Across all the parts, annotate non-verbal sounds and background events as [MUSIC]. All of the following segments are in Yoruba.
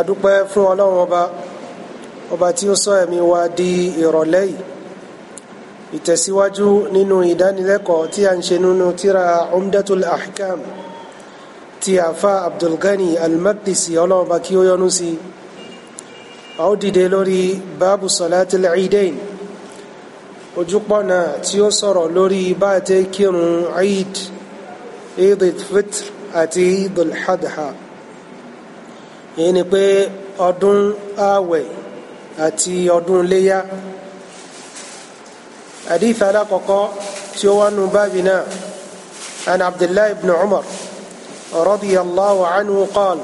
adúpẹ́ fún ọlọ́run ọba ọba tí ó sọ ẹ̀mí wa di ìrọ̀lẹ́ yìí ìtẹ̀síwájú nínú ìdánilẹ́kọ̀ọ́ tí a ń ṣe nínú tíra umdatul ahkam ti àfa abdulgani almakdisi ọlọ́run ọba kí ó yọ́nú sí a ó dìde lórí báàbù sọ̀látil idain ojúpọ̀nà tí ó sọ̀rọ̀ lórí bá kírun eid eid fitr àti eid al-adha èyí ni pé ọdún ààwẹ̀ àti ọdún léyá hadith alákọ̀ọ́kọ́ tí ó wà nù báàbí náà an abdullahi ibn umar رضي الله عنه قال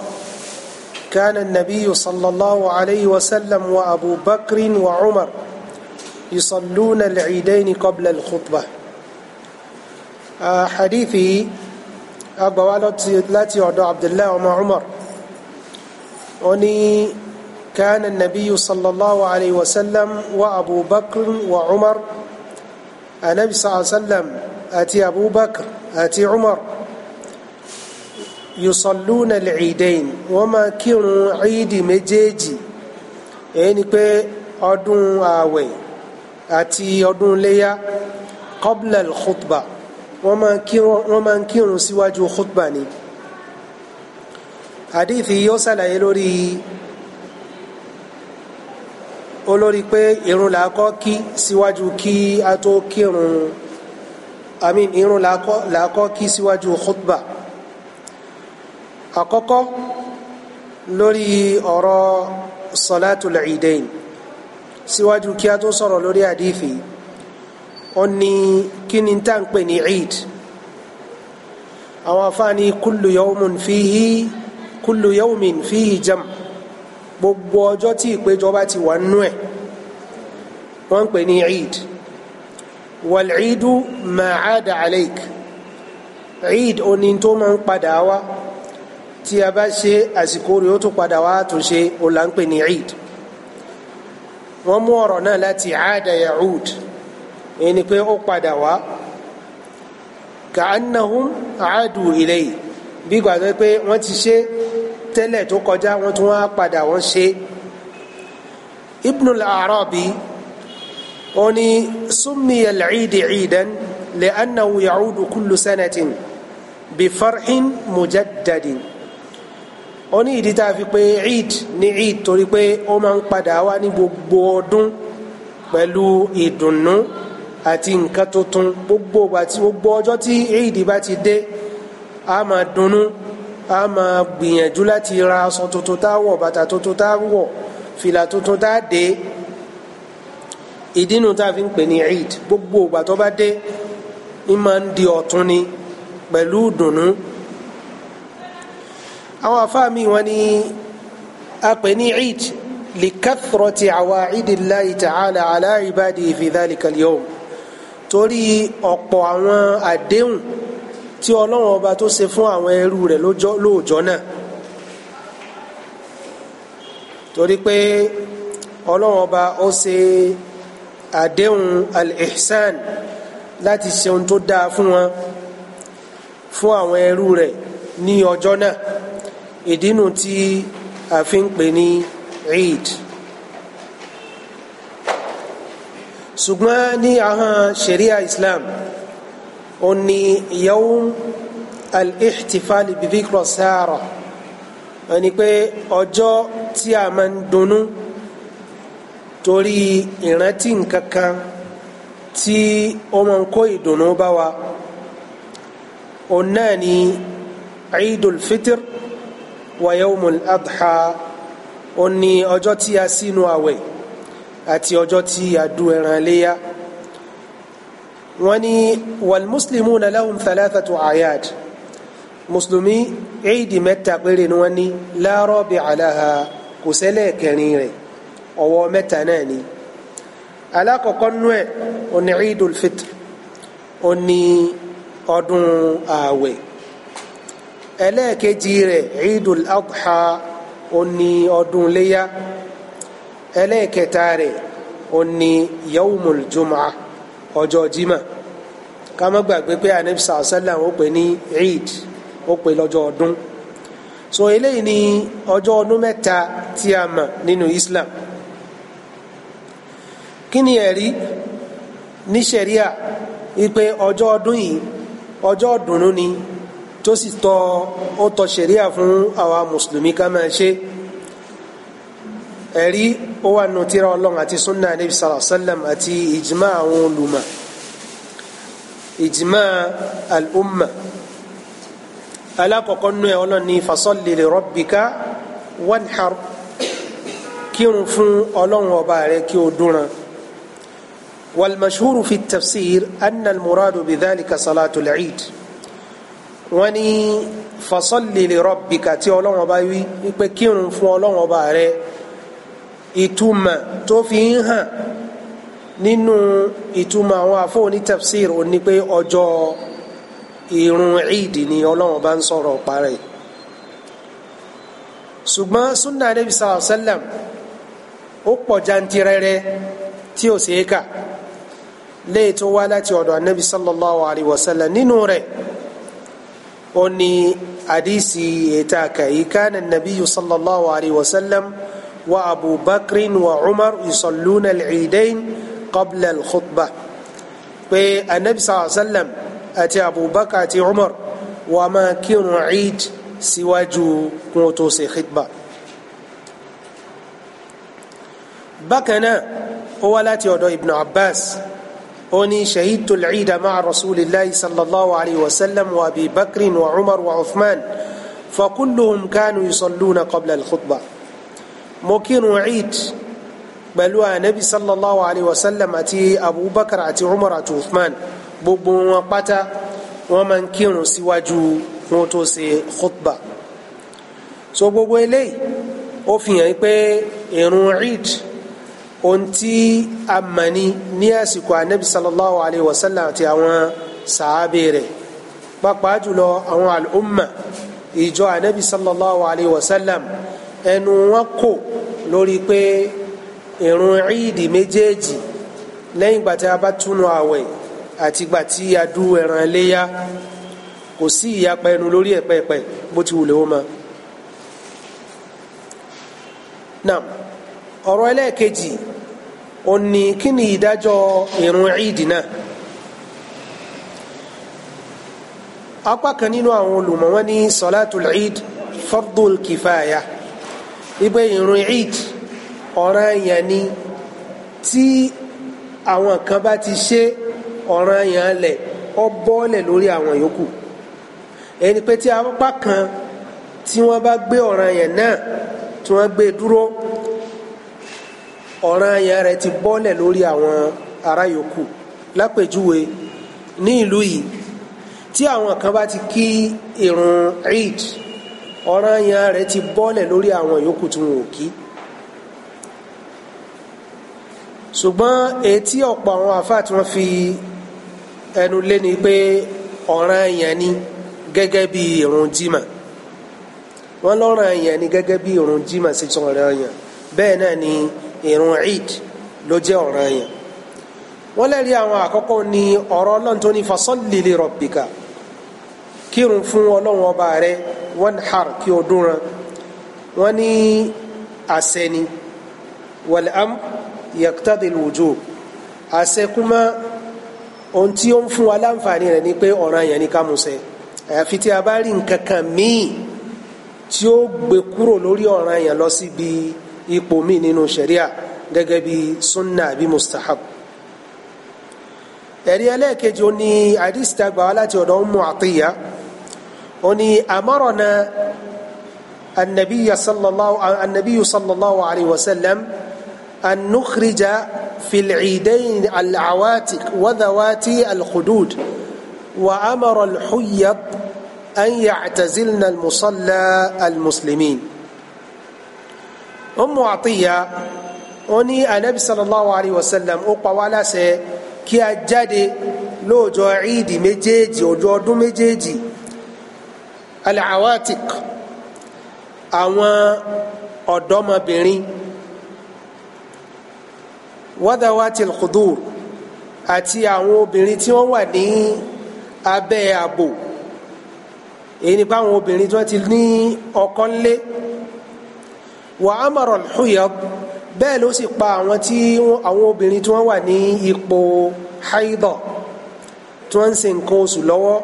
كان النبي صلى الله عليه وسلم وأبو بكر وعمر يصلون العيدين قبل الخطبة حديثي أبو لاتي عبد الله وما عمر وني كان النبي صلى الله عليه وسلم وأبو بكر وعمر النبي صلى الله عليه وسلم أتي أبو بكر أتي عمر يصلون العيدين وما كانوا عيد مجيجي يعني بي أدون آوي أتي أدون ليا قبل الخطبة وما كانوا سواجه خطباني hadithi yóò ṣàlàyé lórí olórí pé irun làákọ́ kí síwájú kí a tó kírun àmín irun làákọ́ kí síwájú khutba àkọ́kọ́ lórí ọ̀rọ̀ salatul idain síwájú kí a tó sọ̀rọ̀ lórí hadithi ó ní kí ni tá à ń pè ní eid àwọn afáàní kullu yawmun fihi kullu yawmin fihi jam gbogbo ọjọ́ tí ìpéjọ bá ti wà nú ẹ̀ wọ́n ń pè ní eid wal-eidu ma aada aleik eid oní tó máa ń padà wá tí a bá ṣe àsìkò rẹ̀ ó tún padà wá tún ṣe ó là ń pè ní eid wọ́n mú ọ̀rọ̀ náà láti aada yaud ẹni pé ó padà wá ka'annahum aadu ilayhi bí gbàgbọ́ pé wọ́n ti ṣe tẹ́lẹ̀ tó kọjá wọ́n tún wá padà wọ́n ṣe Ibnul Arabi ó ní summiya al-Eid Eidan li'annahu ya'udu kullu sanatin bi farhin mujaddadin ó ní ìdí tá a fi pé Eid ní Eid torí pé ó máa ń padà wá ní gbogbo ọdún pẹ̀lú ìdùnnú àti nǹkan tuntun gbogbo ọjọ́ tí Eid bá ti dé a máa dunnú a máa gbìyànjú láti ra aṣọ tuntun tá a wọ̀ bàtà tuntun tá a wọ̀ fìlà tuntun tá a dé ìdínú tá a fi ń pè ní eid gbogbo ìgbà tó bá dé ń máa ń di ọ̀tun ni pẹ̀lú ìdùnnú àwọn afá mi wọn ni a pè ní eid likathrati awaidillahi ta'ala ala ibadihi fi torí ọ̀pọ̀ àwọn àdéhùn tí ọlọ́run ọba tó ṣe fún àwọn ẹrú rẹ̀ lóòjọ́ náà torí pé ọlọ́run ọba ó ṣe àdéhùn al-ihsan láti ṣe ohun tó dáa fún wọn fún àwọn ẹrú rẹ̀ ní ọjọ́ náà ìdínú tí a fi ń pè ní eid ṣùgbọ́n ní ahọ́n sharia islam ó ní yawm al-ihtifal bi dhikra Sara ẹni pé ọjọ́ tí a máa ń dunnú torí ìrántí nǹkan kan tí ó máa ń kó ìdùnnú bá wa òun náà ni Eidul Fitr wa yawmul adha ó ní ọjọ́ tí a sínú àwẹ̀ àti ọjọ́ tí a du ẹran léyà wọ́n ní walmuslimuna lahum thalathatu ayad mùsùlùmí eid mẹ́ta péré ni wọ́n ní la rabi'a laha kò sẹ́lẹ̀ kẹrin rẹ̀ ọwọ́ mẹ́ta náà ni alákọ̀ọ́kọ́ nú ẹ̀ oní eidul fitr oní ọdún ààwẹ̀ ẹlẹ́ẹ̀kejì rẹ̀ eidul adha oní ọdún léyá ẹlẹ́ẹ̀kẹta rẹ̀ oní yawmul jum'ah ọjọ́ jimá ká má gbàgbé pé anabi sàásẹ́là ó pè ní eid ó pè lọ́jọ́ ọdún so eléyìí ni ọjọ́ ọdún mẹ́ta tí a mọ̀ nínú Islam kí ni ẹ̀rí ní ṣẹ̀ríà wípé ọjọ́ ọdún yìí ọjọ́ ọdùnnú ni tó sì tọ́ ó tọ́ ṣẹ̀ríà fún àwa mùsùlùmí ká máa ṣe é ẹ̀rí ó wà nù tírà ọlọ́run àti sunna anabi sallallahu alayhi wa sallam àti ìjìmá àwọn olùmọ̀ ìjìmá al-umma alákọ̀ọ́kọ́ nù ẹ̀ ọlọ́run ní fasalli li rabbika wanhar kírun fún ọlọ́run ọba rẹ kí o dúnran والمشهور في التفسير أن المراد بذلك صلاة العيد وني فصل لربك تي أولون وبايوي يبقى كيرون فو أولون وباري ìtumọ̀ tó fi ń hàn nínú ìtumọ̀ àwọn àfọ́ onítafsir ò ní pé ọjọ́ ìrun ìdì ni ọlọ́run bá ń sọ̀rọ̀ parẹ́ ṣùgbọ́n sunna anabi sallallahu alayhi wa sallam ó pọ̀ jantirẹrẹ tí ó ṣe é kà léè tó wá láti ọ̀dọ̀ anabi sallallahu alayhi wa sallam nínú rẹ̀ ó ní àdìsí ètò àkàyí kánà nàbíyù sallallahu alayhi wa sallam. وأبو بكر وعمر يصلون العيدين قبل الخطبة النبي صلى الله عليه وسلم أتي أبو بكر أتي عمر وما كانوا عيد سواجو موتوس خطبة بكنا ولاتي أدو ابن عباس أني شهدت العيد مع رسول الله صلى الله عليه وسلم وأبي بكر وعمر وعثمان فكلهم كانوا يصلون قبل الخطبه mo kírun eid pẹ̀lú anabi sallallahu alayhi wa sallam àti abubakar àti umar àti uthman gbogbo wọn pátá wọn máa ń kírun síwájú wọn tó ṣe khutba so gbogbo eléyìí ó fi hàn pé ìrun eid ohun tí a mọ̀ ni ní àsìkò anabi sallallahu alayhi wa sallam àti àwọn sàábé rẹ̀ pàápàá jùlọ àwọn al'umma ìjọ anabi sallallahu alayhi wa sallam ẹnu wọn kò lórí pé ìrun ìdì méjèèjì lẹ́yìn ìgbà tí a bá túnu àwẹ̀ àti ìgbà tí a dú ẹran léyà kò sí ìyapa ẹnu lórí ẹ̀pẹ̀ẹ̀pẹ̀ bó ti wùlé ó ma. nam ọ̀rọ̀ ẹlẹ́ẹ̀kejì ó ní kí ni ìdájọ́ ìrun ìdì náà. apá kan nínú àwọn olùmọ̀ wọn ní sọlátùl ìd fardul kìfáyà ipe ìrun eid ọ̀ranyàn ni tí àwọn kan bá ti ṣe ọ̀ranyàn lẹ̀ ọ bọ́ọ̀lẹ̀ lórí àwọn yòókù ẹni pé tí apá kan tí wọ́n bá gbé ọ̀ranyàn náà tí wọ́n gbé e dúró ọ̀ranyàn rẹ̀ ti bọ́ọ̀lẹ̀ lórí àwọn ará yòókù lápèjúwe ní ìlú yìí tí àwọn kan bá ti kí ìrun eid ọ̀ranyàn rẹ̀ ti bọ́lẹ̀ lórí àwọn yòókù tí wọn ò kí ṣùgbọ́n etí ọ̀pọ̀ àwọn àfáà tí wọ́n fi ẹnu lé ni pé ọ̀ranyàn ni gẹ́gẹ́ bí irun jímà wọ́n lọ́ranyàn ni gẹ́gẹ́ bí irun jímà ṣe tún ọ̀ranyàn bẹ́ẹ̀ náà ni irun eid ló jẹ́ ọ̀ranyàn wọ́n lẹ́rìí àwọn àkọ́kọ́ ni ọ̀rọ̀ ọlọ́run tó ní fasalli li rabbika kírun fún ọlọ́run ọba rẹ wanhar kí o dúnran wọ́n ní àṣẹ ni wal amr yaqtadi al-wujub àṣẹ kúmá ohun tí ó ń fún wa láǹfààní rẹ̀ ni pé ọ̀ràn yẹn ni ká mú ṣẹ àyàfi tí a bá rí nǹkan kan míì tí ó gbé kúrò lórí ọ̀ràn yẹn lọ síbi ipò míì nínú ṣẹ̀ríà gẹ́gẹ́ bí sunna àbí mustahab ẹ̀rí ẹlẹ́ẹ̀kejì ó ní àdìsítàgbà wa láti ọ̀dọ̀ Ummu Atiyya oni amarona النبي صلى الله النبي صلى الله عليه وسلم أن نخرج في العيدين العواتق وذواتي الخدود وأمر الحيض أن يعتزلن المصلى المسلمين أم عطية أني النبي صلى الله عليه وسلم أقوى سي كي أجدي لو جو عيد مجيجي وجو دو مجيجي alawatik àwọn ọ̀dọ́mọbìnrin wadawatil qudur àti àwọn obìnrin tí wọ́n wà ní abẹ́ ààbò èyí ni pé àwọn obìnrin tí wọ́n ti ní ọkọ ńlé wa amara al-huyad bẹ́ẹ̀ ló sì pa àwọn tí àwọn obìnrin tí wọ́n wà ní ipò haidọ̀ tí wọ́n ń ṣe nǹkan oṣù lọ́wọ́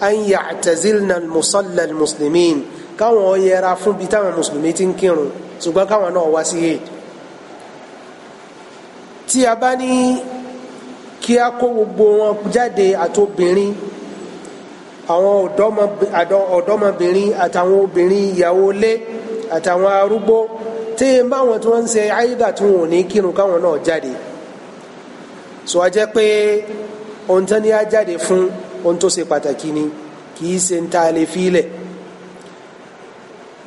an ya'tazilna al-musalla al-muslimin káwọn yẹra fún bí táwọn mùsùlùmí ti ń kírun ṣùgbọ́n káwọn náà wá sí aid tí a bá ní kí a kó gbogbo wọn jáde àtobìnrin àwọn ọ̀dọ́mọbìnrin àtàwọn obìnrin ìyàwó lé àtàwọn arúgbó tí n bá wọn tí wọ́n ń ṣe àyídà tí wọn ò ní kírun káwọn náà jáde sọ wá jẹ́ pé ohun tán ni a jáde fún ohun tó ṣe pàtàkì ni kì í ṣe ń ta lè filẹ̀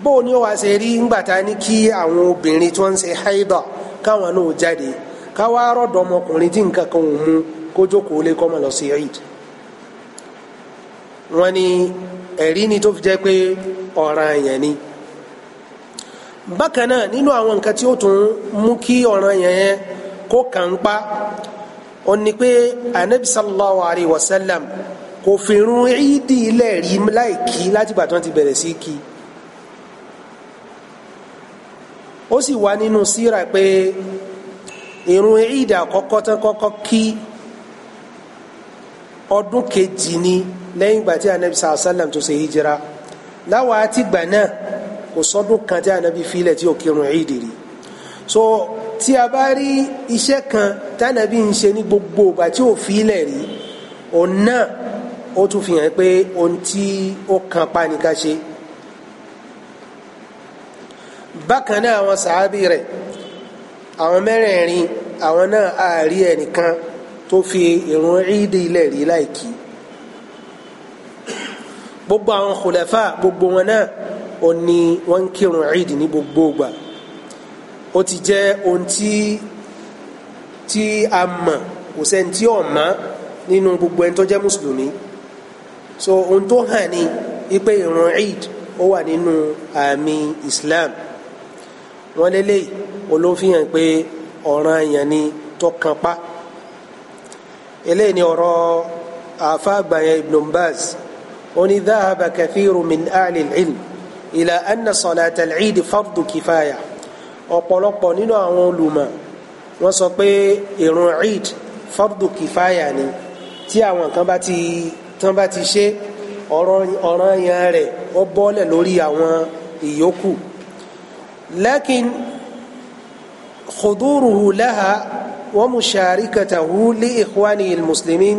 bó o ní wàá ṣe rí ńgbà tá a ní kí àwọn obìnrin tí wọ́n ń ṣe haida káwọn náà jáde káwọn arọ́dọ̀ ọmọkùnrin tí nǹkan kan ò mú kó jókòó kọ́ mọ̀ lọ sí eid wọ́n ní ẹ̀rí ni tó fi jẹ́ pé ọ̀ràn àyàn ni bákan náà nínú àwọn nǹkan tí ó tún mú kí ọ̀ràn àyàn yẹn kó kàn ń pa ó ní pé anabi sallallahu alayhi wa sallam kò fìrún ìdí ilẹ̀ rí láìkí látìgbà tí wọ́n ti bẹ̀rẹ̀ sí kí ó sì wá nínú síra pé ìrun ìdí àkọ́kọ́ tán kọ́kọ́ kí ọdún kejì ni lẹ́yìn ìgbà tí anabi sàlá sàlám tó ṣe hijira láwa àti ìgbà náà kò sọdún kan tí anabi filẹ̀ tí ò kírun ìdí rí so tí a bá rí iṣẹ́ kan tánàbí ń ṣe ní gbogbo ìgbà tí ò filẹ̀ rí òun ó tún fi hàn pé ohun tí ó kan pa ni ká ṣe bákan náà àwọn sàábì rẹ̀ àwọn mẹ́rẹ̀ẹ̀rin àwọn náà àárí ẹnìkan tó fi ìrun ìdí ilẹ̀ rí láìkí gbogbo àwọn khulafa gbogbo wọn náà ó ní wọ́n ń kírun ìdí ní gbogbo gbà ó ti jẹ́ ohun tí tí a mọ̀ kò sẹ́ni tí ò mọ̀ nínú gbogbo ẹni tó jẹ́ mùsùlùmí so ohun tó hàn ní ipe ìrun eid ó wà nínú àmì islam wọn lélẹyìí olófihàn pé ọ̀ràn èèyàn ni tó kan pa eléyìí ni ọ̀rọ̀ àfàgbàyàn ibn baz oni dhahaba kathiru min ahli al-ilm ila anna salata al-eid fardu kifaya ọ̀pọ̀lọpọ̀ nínú àwọn olùmọ̀ wọ́n sọ pé ìrun eid fardu kifaya ni tí àwọn kan bá ti tí wọ́n bá ti ṣe ọ̀ràn yẹn rẹ̀ ó bọ́lẹ̀ lórí àwọn ìyókù lakin khuduruhu laha wa musharikatahu li ikhwani muslimin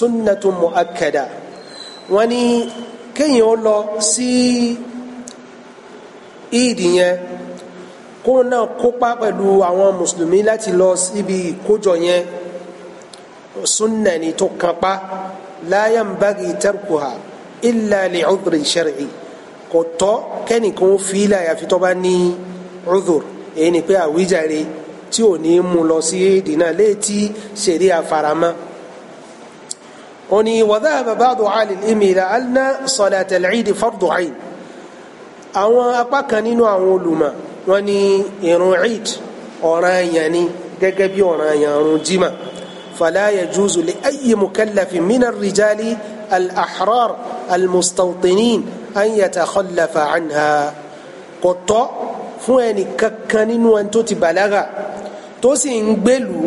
sunnatu mu'akkada wọ́n ní kéèyàn ó lọ sí ìdí yẹn kó náà kópa pẹ̀lú àwọn mùsùlùmí láti lọ síbi ìkójọ yẹn sunna ni tó kan pa la yanbaghi tarkuha illa li udhrin shar'i kò tọ́ kẹ́nìkan ó fi ilẹ̀ àyàfi tó bá ní udhur èyí ni pé àwíjàre tí ò ní mú lọ sí dínà létí ṣeré àfaramá. oni wadhahab ba'du ahli al-ilmi ila anna salat al-eid fardu kan nínú àwọn olùmọ̀ wọ́n ní ìrun eid ọ̀ranyàn ni gẹ́gẹ́ bí ọ̀ranyàn ìrun فلا يجوز لأي مكلف من الرجال الأحرار المستوطنين أن يتخلف عنها قطع فواني ككنين وانتو تبلغا توسي انقبلو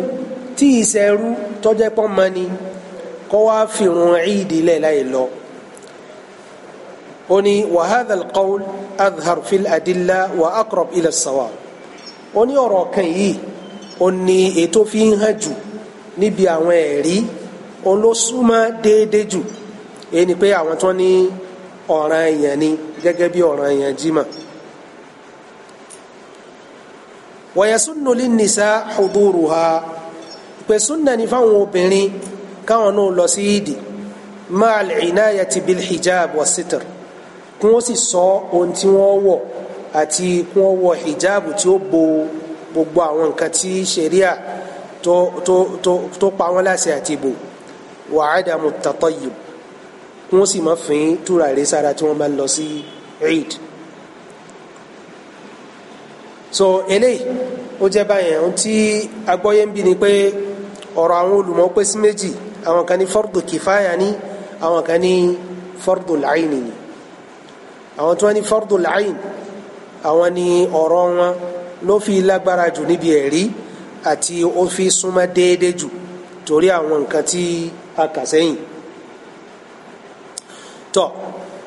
تيسيرو توجي بماني قوافي عيد ليلة لو oni وهذا القول أظهر في الأدلة وأقرب إلى الصواب sawa oni ọ̀rọ̀ kan yìí هجو níbi àwọn ẹ̀rí olóṣùmọ́ déédéé jù èyí ni pé àwọn tó ní ọ̀ràn èèyàn ni gẹ́gẹ́ bí ọ̀ràn èèyàn jimá. wọ̀yẹ̀sùnù lè nìṣá ọdúnrún ha pé súnà ní fáwọn obìnrin káwọn náà lọ sí ìdì máa al-inayati bil hijab wa sitr kí wọ́n sì sọ ohun tí wọ́n wọ̀ àti kí wọ́n wọ hijab tí ó bo gbogbo àwọn nǹkan tí ṣẹ̀ríà tó tó tó tó pa wọ́n láṣẹ àti ìbò wà á dààmú tatayyub wọ́n sì máa fín tùràrí sára tí wọ́n bá lọ sí eid so eléyìí ó jẹ́ báyẹn ohun tí agbọ́yé ń bí ni pé ọ̀rọ̀ àwọn olùmọ̀ pé sí méjì àwọn kan ní fardu kìfáyà ni àwọn kan ní fardu làáyìn ni àwọn tí wọ́n ní fardu làáyìn àwọn ni ọ̀rọ̀ wọn ló fi lágbára jù níbi ẹ̀rí àti ó fi súnmọ́ déédéé jù torí àwọn nǹkan tí a kà sẹ́yìn tọ́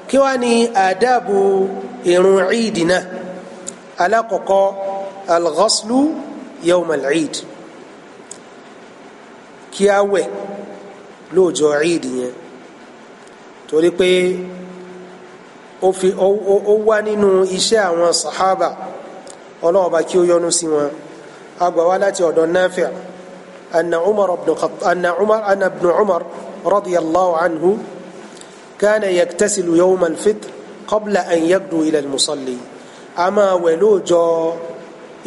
kí wàá ní àdáàbò irun ìdì náà alákọ̀ọ́kọ́ alghaslu yawm al-eid kí a wẹ̀ lóòjọ́ eid yẹn torí pé ó fi ó wá nínú iṣẹ́ àwọn sahaba ọlọ́ọ̀ba kí ó yọ́nú sí wọn. أبوالات ودون نافع أن عمر بن خط... أن عمر أن ابن عمر رضي الله عنه كان يغتسل يوم الفطر قبل أن يبدو إلى المصلي أما ولو جو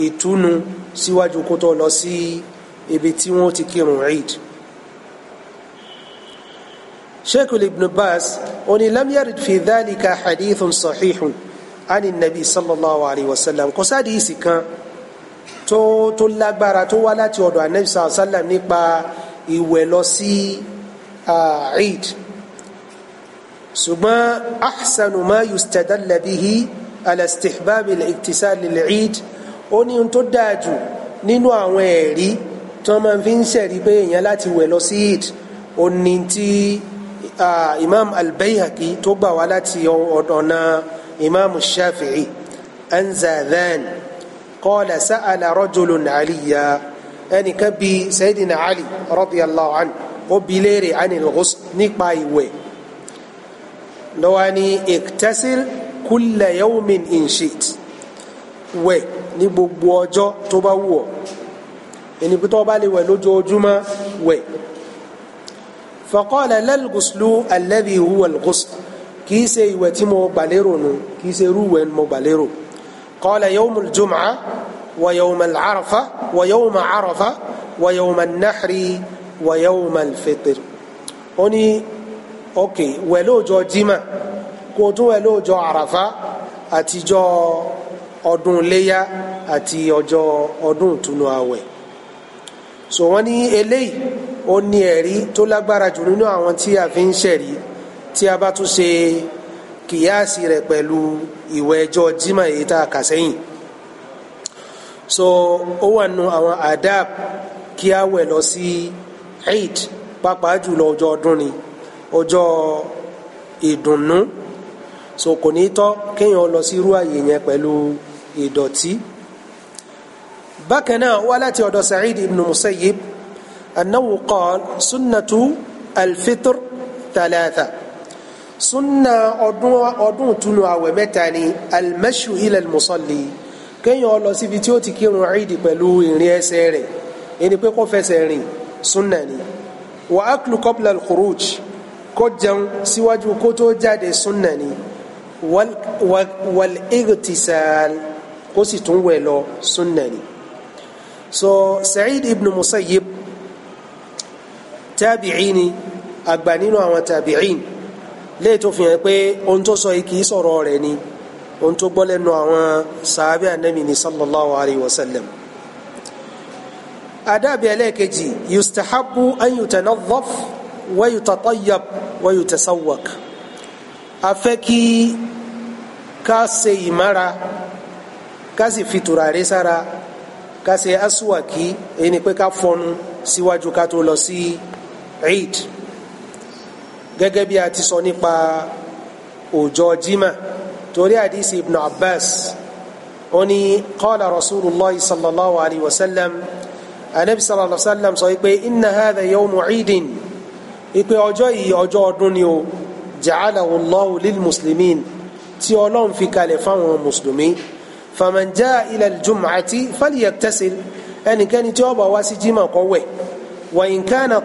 إتونو síwájú kó tó lọ sí ibi tí wọ́n ti kírun eid sheikhul ibn bas oni lam yarid fi dhalika hadithun sahihun ani nabi sallallahu alayhi wa sallam kò sáà di ìsì kan tó tó lágbára tó wá láti ọ̀dọ̀ anabi sallallahu alayhi wa sallam nípa ìwẹ̀ lọ sí eid ṣùgbọ́n ahsanu ma yustadalla bihi ala istihbab al-iktisal lil-eid ó ní ohun tó dáa jù nínú àwọn ẹ̀rí tó máa fi ń ṣẹ̀rí pé èèyàn láti wẹ̀ lọ sí eid ó ní tí imam al tó gbà wá láti ọ̀nà imam shafi'i anzadhan qala sa'ala rajulun aliya ẹnìkan bi sayidina ali radiyallahu anhu ó bi léèrè anil ghusl nípa ìwẹ̀ lọ́wọ́ ni iktasil kulla yawmin in shi't wẹ̀ ní gbogbo ọjọ́ tó bá wù ọ́ ẹni pé tó bá lè wẹ̀ lójoojúmọ́ wẹ̀ faqala lal ghuslu alladhi kìí ṣe ìwẹ̀ tí mo gbàlérò nù kìí ṣe irú ìwẹ̀ mo gbàlérò nù. قال يوم الجمعة ويوم العرفة ويوم عرفة ويوم النحر ويوم الفطر ó ní ok wẹ̀ lóòjọ́ jimá kó tún wẹ̀ lóòjọ́ àràfá àtijọ́ ọdún léyá àti ọjọ́ ọdún ìtúnu àwẹ̀ so wọ́n ní eléyìí ó ní ẹ̀rí tó lágbára jù nínú àwọn tí a fi ń ṣẹ̀rí tí a bá tún ṣe kìyàsí rẹ̀ pẹ̀lú ìwẹ̀ ọjọ́ jimá èyí tá a kà sẹ́yìn so ó wà nù àwọn adab kí a wẹ̀ lọ sí eid pàápàá jùlọ ọjọ́ ọdún ni ọjọ́ ìdùnnú so kò ní tọ́ kéèyàn lọ sí irú àyè yẹn pẹ̀lú ìdọ̀tí bákan náà wá láti ọ̀dọ̀ Sa'id ibn Musayyib annahu qala sunnatu alfitr thalatha sunna ọdún ọdún ìtúnu àwẹ̀ mẹ́ta ni almashu ila almusalli kéèyàn lọ síbi tí ó ti kírun ìdí pẹ̀lú ìrìn ẹsẹ̀ rẹ̀ ẹni pé kó fẹsẹ̀ rìn sunna ni wa aklu qabla alkhuruj kó jẹun síwájú kó tó jáde sunna ni wal igtisal kó sì tún wẹ̀ lọ sunna ni so Sa'id ibn Musayyib tabi'ini àgbà nínú tabi'ini léè tó fi hàn pé ohun tó sọ yìí kì í sọ̀rọ̀ rẹ̀ ni ohun tó gbọ́ lẹ́nu àwọn sàábẹ́ ànábì ni sallallahu alayhi wa sallam. adábì ẹlẹ́ẹ̀kejì yustahabu an yutanadhaf wa yutatayyab wa yutasawwak. a fẹ́ kí ká ṣe ìmára ká sì fi tùràrí sára ká ṣe aswaki èyí ni pé ká fọnu síwájú ká tó lọ sí eid. Si gẹ́gẹ́ bí a ti sọ nípa ọjọ́ jimá torí àdìsí ibn abbas ó ní qala rasulillah sallallahu alayhi wa sallam anabi sallallahu alayhi wa sallam sọ pé inna hadha yawmu ciidin ipe ọjọ́ yìí ọjọ́ ọdún ni o ja'alahu allahu lil muslimin tí ọlọ́run fi kalẹ̀ fáwọn mùsùlùmí faman jaa ila al-jum'ati ẹnikẹ́ni tí ó wá sí jimá kó wẹ̀ wa in kana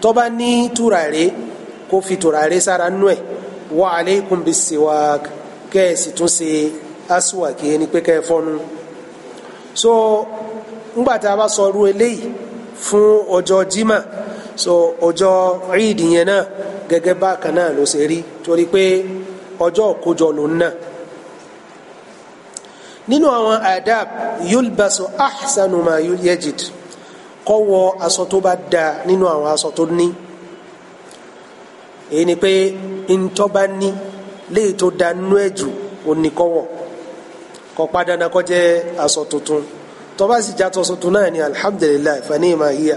tó bá ní tùràrí kó fi tùràrí sára nú wa alaykum bis-siwak kẹ́ ẹ̀ sì tún ṣe ni pé kẹ́ ẹ so ńgbà tá a bá fún ọjọ́ jima so ọjọ́ Eid yẹn náà gẹ́gẹ́ bákan náà ló ṣe rí torí pé ọjọ́ òkójọ lòun náà nínú àwọn adab yulbasu ahsanu ma yajid. kó wọ aṣọ tó bá da nínú àwọn aṣọ tó ní èyí ni pé ntọ́ bá ní léyìí tó da nínú ẹ̀ jù òní kó wọ̀ kó padànà kó jẹ́ aṣọ tuntun tó bá sì já aṣọ tuntun náà ni alhamdulilayi fani ma hiya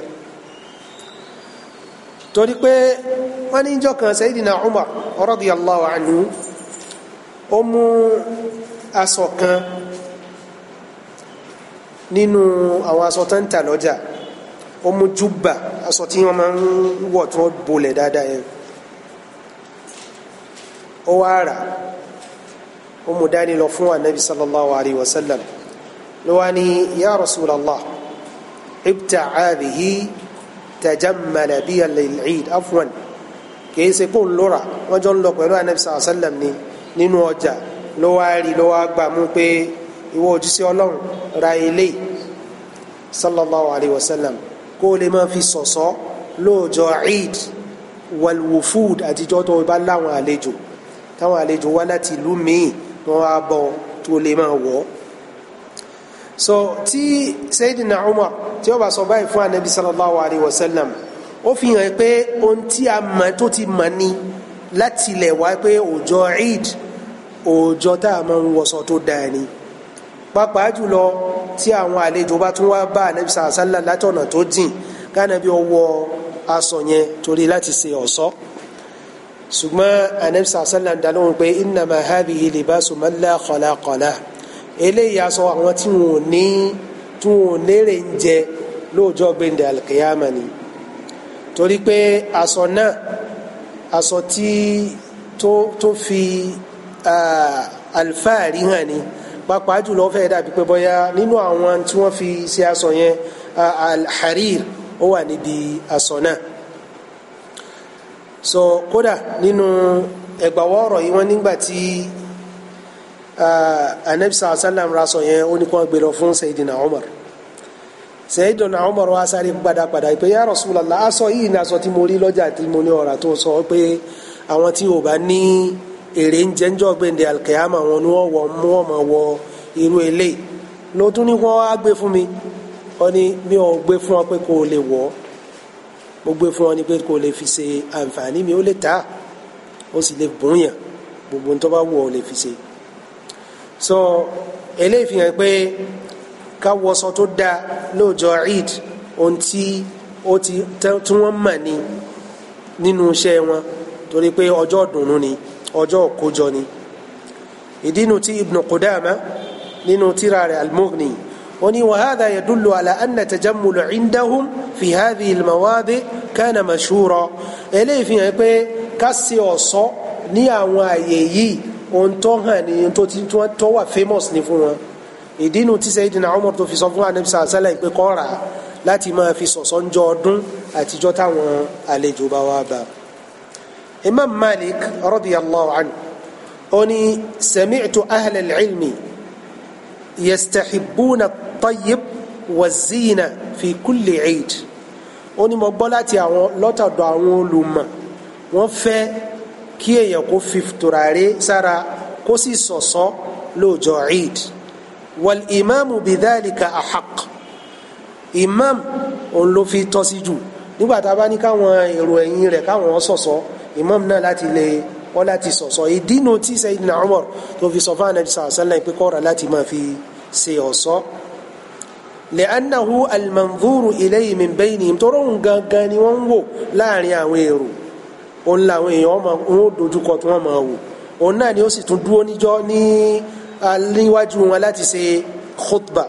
torí pé wọ́n ní ìjọ kan Sayyidina Umar radiyallahu anhu ó mú aṣọ kan nínú àwọn aṣọ tó ń tà lọ́jà. Ja ó mú júbà aṣọ tí wọ́n máa ń wọ̀ tí wọ́n bolẹ̀ dáadáa yẹn ó wá rà ó mú dání lọ fún anabi sallallahu alayhi wa sallam ló wá ní ya rasulallah ibta abihi tajammala biya lil'id afwan kìí ṣe kó ń lóra wọn jọ ń lọ pẹ̀lú anabi sallallahu alayhi wa sallam ni nínú ọjà ló rí ló gbà mú pé ìwọ òjíṣẹ́ Ọlọ́run ra ilé sallallahu alayhi wa sallam kó lè máa fi ṣọ̀ṣọ́ lóòjọ́ eid walwufud àtijọ́ tó bá láwọn àlejò táwọn àlejò wá láti ìlú míì tó wá bọ̀ tó lè máa wọ̀ so tí Sayyidina Umar tí ó bá sọ báyìí fún anabi sallallahu alayhi wa sallam ó fi hàn pé ohun tí a mọ̀ tó ti mọ̀ ni láti wá pé ọjọ́ eid ọjọ́ tá a máa ń wọṣọ tó dáa ni pàápàá jùlọ tí àwọn àlejò bá tún wá bá anabi sàásálà látọ̀nà tó jìn kánabi ọwọ́ aṣọ yẹn torí láti ṣe ọ̀ṣọ́ ṣùgbọ́n anabi sàásálà dá lóhùn pé innama hadhihi libasu man la khalaqa lahu eléyìí aṣọ àwọn tí wọn ò ní tí wọn ò lérè ń jẹ lóòjọ́ gbẹ̀ndẹ̀ alkiyama ni torí pé aṣọ náà aṣọ tí tó fi ah, alfaari hàn ni pàápàá jùlọ fẹ́ dàbí pé bóyá nínú àwọn tí wọ́n fi ṣe aṣọ yẹn alharir ó wà níbi aṣọ náà so kódà nínú ẹgbàwọ ọ̀rọ̀ yìí wọ́n nígbà tí anabi sallam ra aṣọ yẹn ó ní kó wọ́n gbé lọ fún sayidina Umar sayidina Umar wa sáré padàpadà pé ya Rasulullah aṣọ yìí ni aṣọ tí mo rí lọ́jà tí mo ní ọ̀rà tó sọ pé àwọn tí ò bá ní èrè ń jẹ́njọ́ gbẹ̀ndẹ̀ alkiyama wọn ni wọ́n wọ mú wọn wọ irú eléyìí lótú ni wọ́n á gbé fún mi wọ́n ní mi ò gbé fún ọ pé kò lè wọ̀ ọ́ mo gbé fún ọ ní pé kò lè fi ṣe àǹfààní mi ó lè tà ó sì lè bùn yàn gbogbo tó bá wù ọ lè fi ṣe so eléyìí fi hàn pé ká wọṣọ tó dáa lóòjọ́ eid ohun tí ó ti tí wọ́n mà ní nínú iṣẹ́ wọn torí pé ọjọ́ ìdùnnú ni ọjọ́ òkójọ ni ìdínú tí Ibn Qudama nínú tírà rẹ̀ al-Mughni ó ní wa hadha yadullu ala anna tajammulu indahum fi hadhihi al-mawadi kana mashhura eléyìí fi hàn pé kásì ọ̀sọ́ ní àwọn àyè yìí ohun tó hàn ní ohun tó wà famous ni fún wọn ìdínú tí Sayyidina Umar tó fi sọ fún Ànábì sallallahu alaihi pé kó láti máa fi ṣọ̀ṣọ́ ń jọ ọdún àtijọ́ táwọn àlejò bá wá bá imam malik radiyallahu anhu ó ní sami'tu ahla al-ilmi yastahibbuna at-tayyib waz-zina fi kulli eid ó ní mo gbọ́ láti àwọn lọ́tọ̀dọ̀ àwọn olùmọ̀ wọ́n fẹ́ kí èèyàn kó fi tùràrí sára kó sì ṣọ̀ṣọ́ lọ́jọ́ eid wal imaamu bidhalika ahaq imam òun ló fi tọ́ sí jù nígbà tá a bá ní káwọn èrò imam náà láti lè ọ láti sọ̀sọ̀ ìdínú tí Sayyidina Umar tó fi sọ fún anabi sallallahu alaihi wasallam pé kọ́ra láti máa fi ṣe ọ̀ṣọ́ lẹ́annahu almanzuru ilayhi min baynihim tọ́rọ̀ ń gangan ni wọ́n ń wò láàrin àwọn èrò òun làwọn èèyàn ọmọ òun ó dojúkọ tí wọ́n máa wò òun náà ni ó sì tún dúró níjọ́ ní aléwájú wọn láti ṣe khutba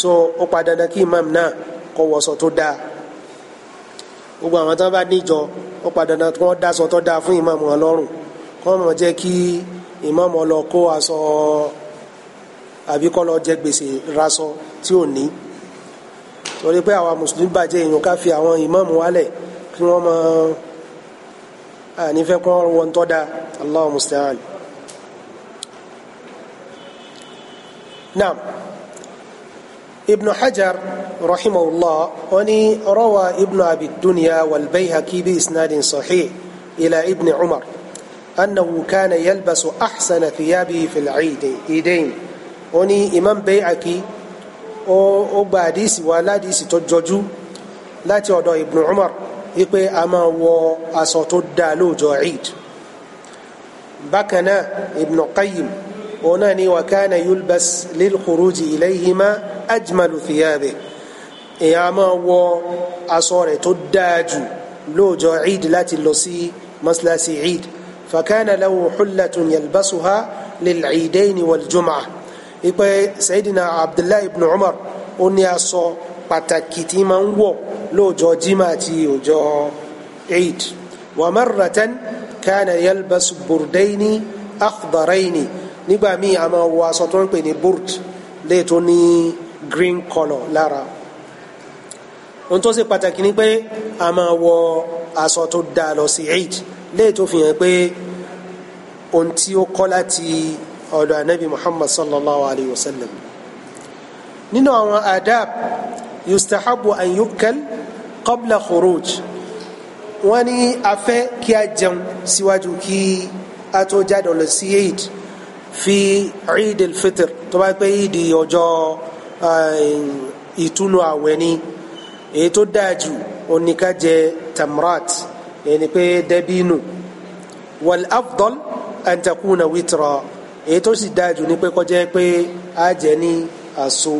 so ó pa dandan kí imam náà kó wọṣọ tó dáa gbogbo àwọn tí wọ́n bá níjọ ó padà náà kí wọ́n dáṣọ tó dáa fún ìmáàmù ọlọ́run kí wọ́n mọ̀ jẹ́ kí ìmáàmù ọlọ́ kó aṣọ àbí kọ́ lọ jẹ gbèsè raṣọ tí ò ní torí pé àwa mùsùlùmí bàjẹ́ èèyàn ká fi àwọn ìmáàmù wálẹ̀ kí wọ́n mọ ànífẹ́ kọ́ wọn tọ́ da Allahu musta'an. ابن حجر رحمه الله وني روى ابن أبي الدنيا والبيهقي بإسناد صحيح إلى ابن عمر أنه كان يلبس أحسن ثيابه في العيد إيدين وني إمام بيعكي أو باديس àdísì wa لا tó ابن عمر ọ̀dọ̀ Ibn Umar wípé a máa wọ aṣọ tó dáa òun náà ni wakana yulbas lil khuruji ilayhima ajmalu thiyabe èèyàn a máa wọ aṣọ rẹ̀ tó dáa jù lóòjọ́ eid láti lọ sí maslasi eid fakana lahu hullatun yalbasuha lil eidaini wal jum'ah ipe sayidina abdullahi ibn umar ó ní aṣọ pàtàkì tí máa ń wọ lóòjọ́ jimá àti òjọ́ eid wa marratan kana yalbas burdaini akhdaraini nígbà míì a máa wọ aṣọ tó ń pè ní burd léè tó ní green colour lára ohun tó ṣe pàtàkì ni pé a máa wọ aṣọ tó dáa lọ sí eid léè tó fi hàn pé ohun tí ó kọ́ láti ọ̀dọ̀ anabi muhammad sallallahu alayhi wa sallam nínú àwọn adab yustahabu an qabla khuruj wọ́n ní afẹ́ kí a jẹun síwájú kí a tó jáde lọ sí eid. Si fi eid al-fitr tó bá pé ìdí ọjọ́ eh, ìtúnu àwẹ̀ ni èyí tó dáa jù oníka jẹ tamrat èyí ni pé dẹbínú wal afdal an takuna witra èyí tó sì dáa jù ni pé kó pé a jẹ ní àso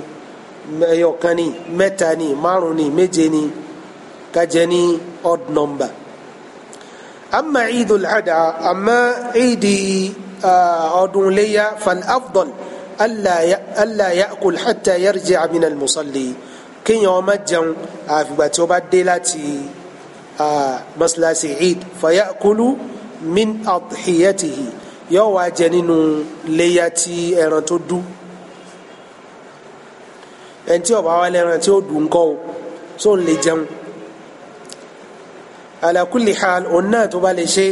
ni mẹ́ta ni márùn ni méje ni ká jẹ odd number. amma eid al-adha amma eid ọdún léyà fal afdal alla yakul hatta yarji'a minal musalli kéèyàn ó má jẹun àfìgbà tí ó bá dé láti masalasi eid fayakulu min adhiyatihi yóò wá jẹ nínú léyà tí ẹran tó dú ẹni tí ó bá wà tí ó dùn kọ́ o tó ń lè jẹun ala kulli tó bá lè ṣe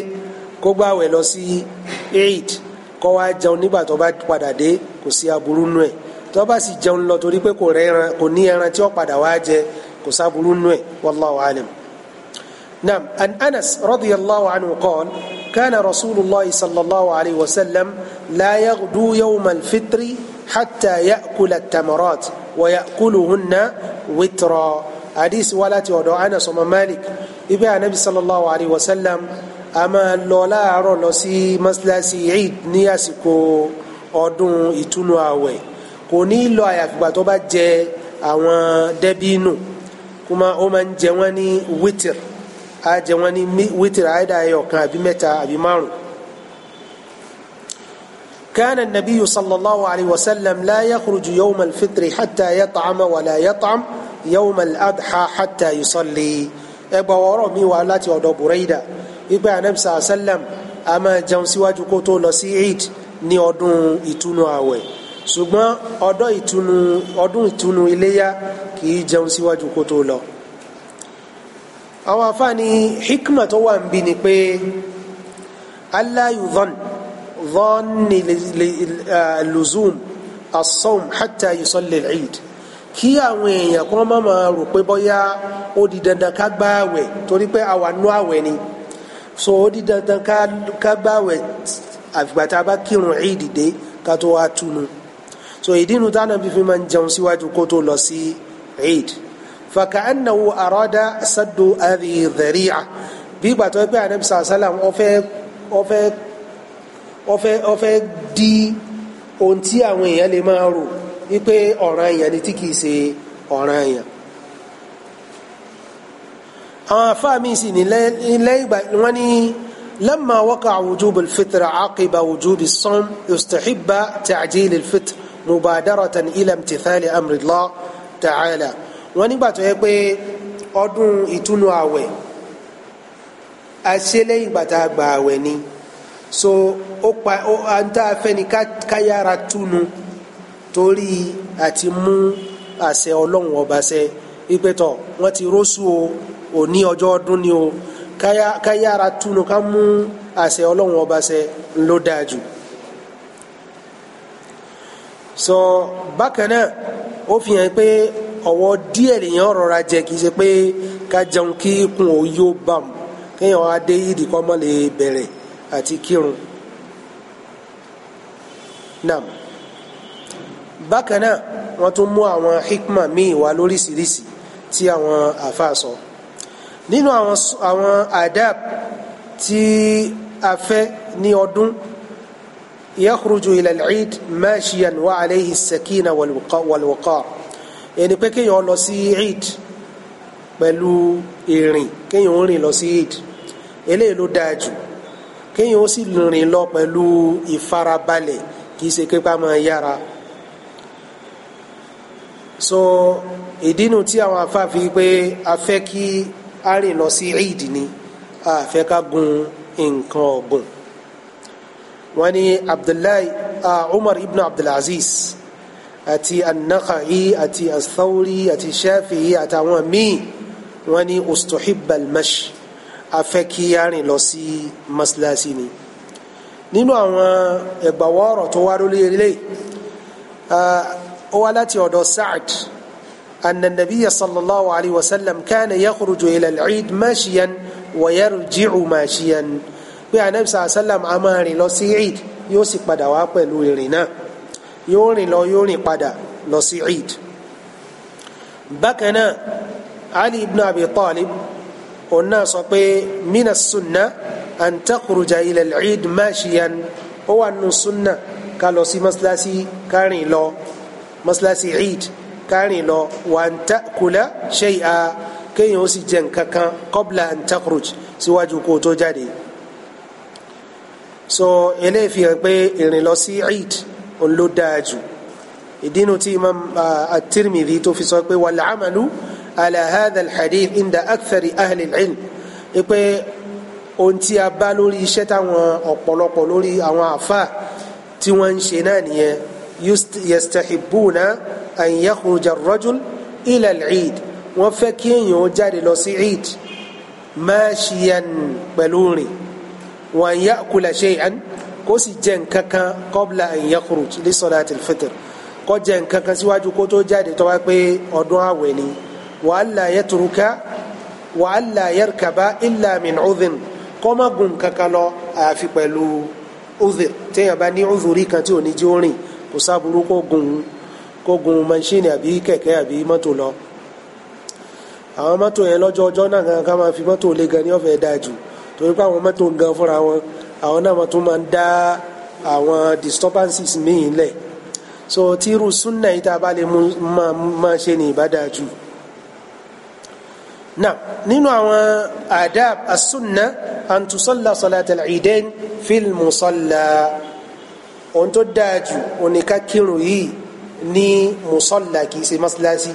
kó gbàwẹ̀ lọ sí eid kó wá jẹun nígbà tó bá padà dé kò sí aburú nù ẹ̀ tó bá sì jẹun lọ torí pé kò rẹran kò ní ẹran tí ó padà wá jẹ kò sáburú nù ẹ̀ wallahu alim. نعم أن أنس رضي الله عنه قال كان رسول الله صلى الله عليه وسلم لا يغدو يوم الفطر حتى يأكل التمرات ويأكلهن وترا حديث ولا تودع أنس ومالك إبا النبي صلى الله عليه وسلم a máa lọ láàárọ̀ lọ sí mọ́sálásí eid ní àsìkò ọdún ìtúnu àwẹ̀ kò ní lọ àyàfìgbà tó bá jẹ àwọn dẹ́bínù kuma ó máa ń jẹ wọ́n ní wítìr á jẹ wọ́n ní wítìr àìdá ẹyọ kan àbí mẹ́ta àbí márùn. كان النبي صلى الله عليه وسلم لا يخرج يوم الفطر حتى يطعم ولا يطعم يوم الأضحى حتى يصلي أبو ورمي والتي أدو بريدة ipe anabi sàlá sàlám a máa jẹun síwájú kó tó lọ sí eid ní ọdún ìtúnu àwẹ̀ ṣùgbọ́n ọdún ìtúnu ọdún ìtúnu iléyà kì í jẹun síwájú kó tó lọ. àwọn afáàní hikma tó wà ń bi ni pé allah yudhan dhan ni luzum as-sawm hatta eid kí àwọn èèyàn kan máa rò pé bóyá ó di dandan ká gbààwẹ̀ torí pé àwa nú àwẹ̀ ni so ó di dandan ká gbàwẹ̀ àfìgbà tá a bá kírun ìdí dé ká tó wá túnu so ìdí nu táwọn àbí fi máa ń jẹun síwájú kó tó lọ sí ìdí fàkàánàwó àròdà sàdó àbí dhari'a bí ìgbà tó gbé àdébísà sálàm ọfẹ ọfẹ ọfẹ ọfẹ di ohun tí àwọn èèyàn lè máa rò wípé ọ̀ràn èèyàn ni tí kìí ṣe ọ̀ràn èèyàn àwọn afáàmì sì ní lẹ́yìngbà wọ́n ní lamma waqa'a wujub al-fitr 'aqiba wujub as-sawm yustahibba ta'jil al-fitr mubadaratan ila imtithali amri Allah ta'ala wọ́n nígbà tó yẹ pé ọdún ìtúnu àwẹ̀ àṣẹlẹ́yìn gbàtà gbà àwẹ̀ ni so ó pa ó àǹtá afẹ́ni káyára túnu torí àti mú àṣẹ ọlọ́run ọba ṣẹ ìpẹ́tọ̀ wọ́n ti róṣù o òní ọjọ́ ọdún ni o ká yára túnú ká mú àṣẹ ọlọ́run ọba ṣẹ ló dáa jù. sọ bákan náà ó fi hàn pé ọ̀wọ́ díẹ̀ lèèyàn rọra jẹ kì í ṣe pé ká jẹun kí ikùn ò yóò kéèyàn adé yìí kọ́ mọ́ lè bẹ̀rẹ̀ àti kírun. nam bákan náà wọ́n tún mú àwọn hikma míì wá lóríṣiríṣi tí àwọn àfa sọ. So nínú àwọn àwọn adab tí a fẹ́ ní ọdún yakhruju ila al-eid mashiyan wa alayhi as-sakina wal-waqa ẹni pé kéèyàn lọ sí eid pẹ̀lú ìrìn kéèyàn ó rìn lọ sí eid eléyìí ló dáa jù kéèyàn ó sì rìn lọ pẹ̀lú ìfarabalẹ̀ kì í ṣe pé ká yára so ìdí nu tí àwọn afáfi pé a fẹ́ kí a rìn lọ sí eid ni a fẹ́ ká gun nǹkan ọ̀gùn wọ́n ní abdullahi umar ibn abdulaziz àti an-Nakha'i àti ath-Thawri àti shafi'i àtàwọn míì wọ́n ní ustuhibbal mash a fẹ́ kí a rìn lọ sí masilasi ni nínú àwọn ẹgbàwọ́rọ̀ tó wá lórí eléyìí ó wá láti ọ̀dọ̀ Sa'd. أن النبي صلى الله عليه وسلم كان يخرج إلى العيد ماشيا ويرجع ماشيا بيع النبي صلى الله عليه وسلم أماني لو سيعيد يوسف بدا وابلو لولينا يوني لو يوني بدا لو سيعيد بكنا علي بن أبي طالب والناس من السنة أن تخرج إلى العيد ماشيا هو أن السنة قالوا سي مسلسي كاري لو مسلسي عيد kárìn lọ wà ń ta kula shay'a kéèyàn ó sì jẹ nǹkan kan qabla an takhruj síwájú kó o tó jáde so eléyìí fi hàn pé ìrìn lọ sí eid òun ló dáa jù ìdínú tí imam at-Tirmidhi tó fi sọ pé wal amalu ala hadha al-hadith inda akthari ahli al-ilm pé ohun tí a bá lórí iṣẹ́ táwọn ọ̀pọ̀lọpọ̀ lórí àwọn àfa tí wọ́n ń ṣe náà nìyẹn yastahibuna an yakhruja ar-rajul ila al-eid wọ́n fẹ́ kí èèyàn ó jáde lọ sí eid mashiyan pẹ̀lú rìn wa an ya'kula shay'an kó sì jẹ nǹkan kan qabla an yakhruj li salati al-fitr kó jẹ nǹkan kan síwájú kó tó jáde tó pé ọdún àwẹ̀ ni wa alla yatruka wa alla yarkaba illa min má gùn kankan lọ àyàfi pẹ̀lú udhir téèyàn bá ní udhuri kan tí ò ní jí ó rìn kò sábúrú kó gùn ún kó gun mọ́ṣíìnì àbí kẹ̀kẹ́ àbí mọ́tò lọ àwọn mọ́tò yẹn lọ́jọ́ ọjọ́ náà gan ká máa fi mọ́tò lé gan ní ọ̀fẹ́ dáa jù torí pé àwọn mọ́tò gan fúnra wọn àwọn náà tún máa ń dá àwọn disturbances míì lẹ̀ so tíru súnà yìí tá a bá lè máa ṣe ní ìbádàá jù náà nínú àwọn adab asúnà an tusalla salat al-idain ohun tó dáa jù òní yìí ní musalla kì í ṣe masilasi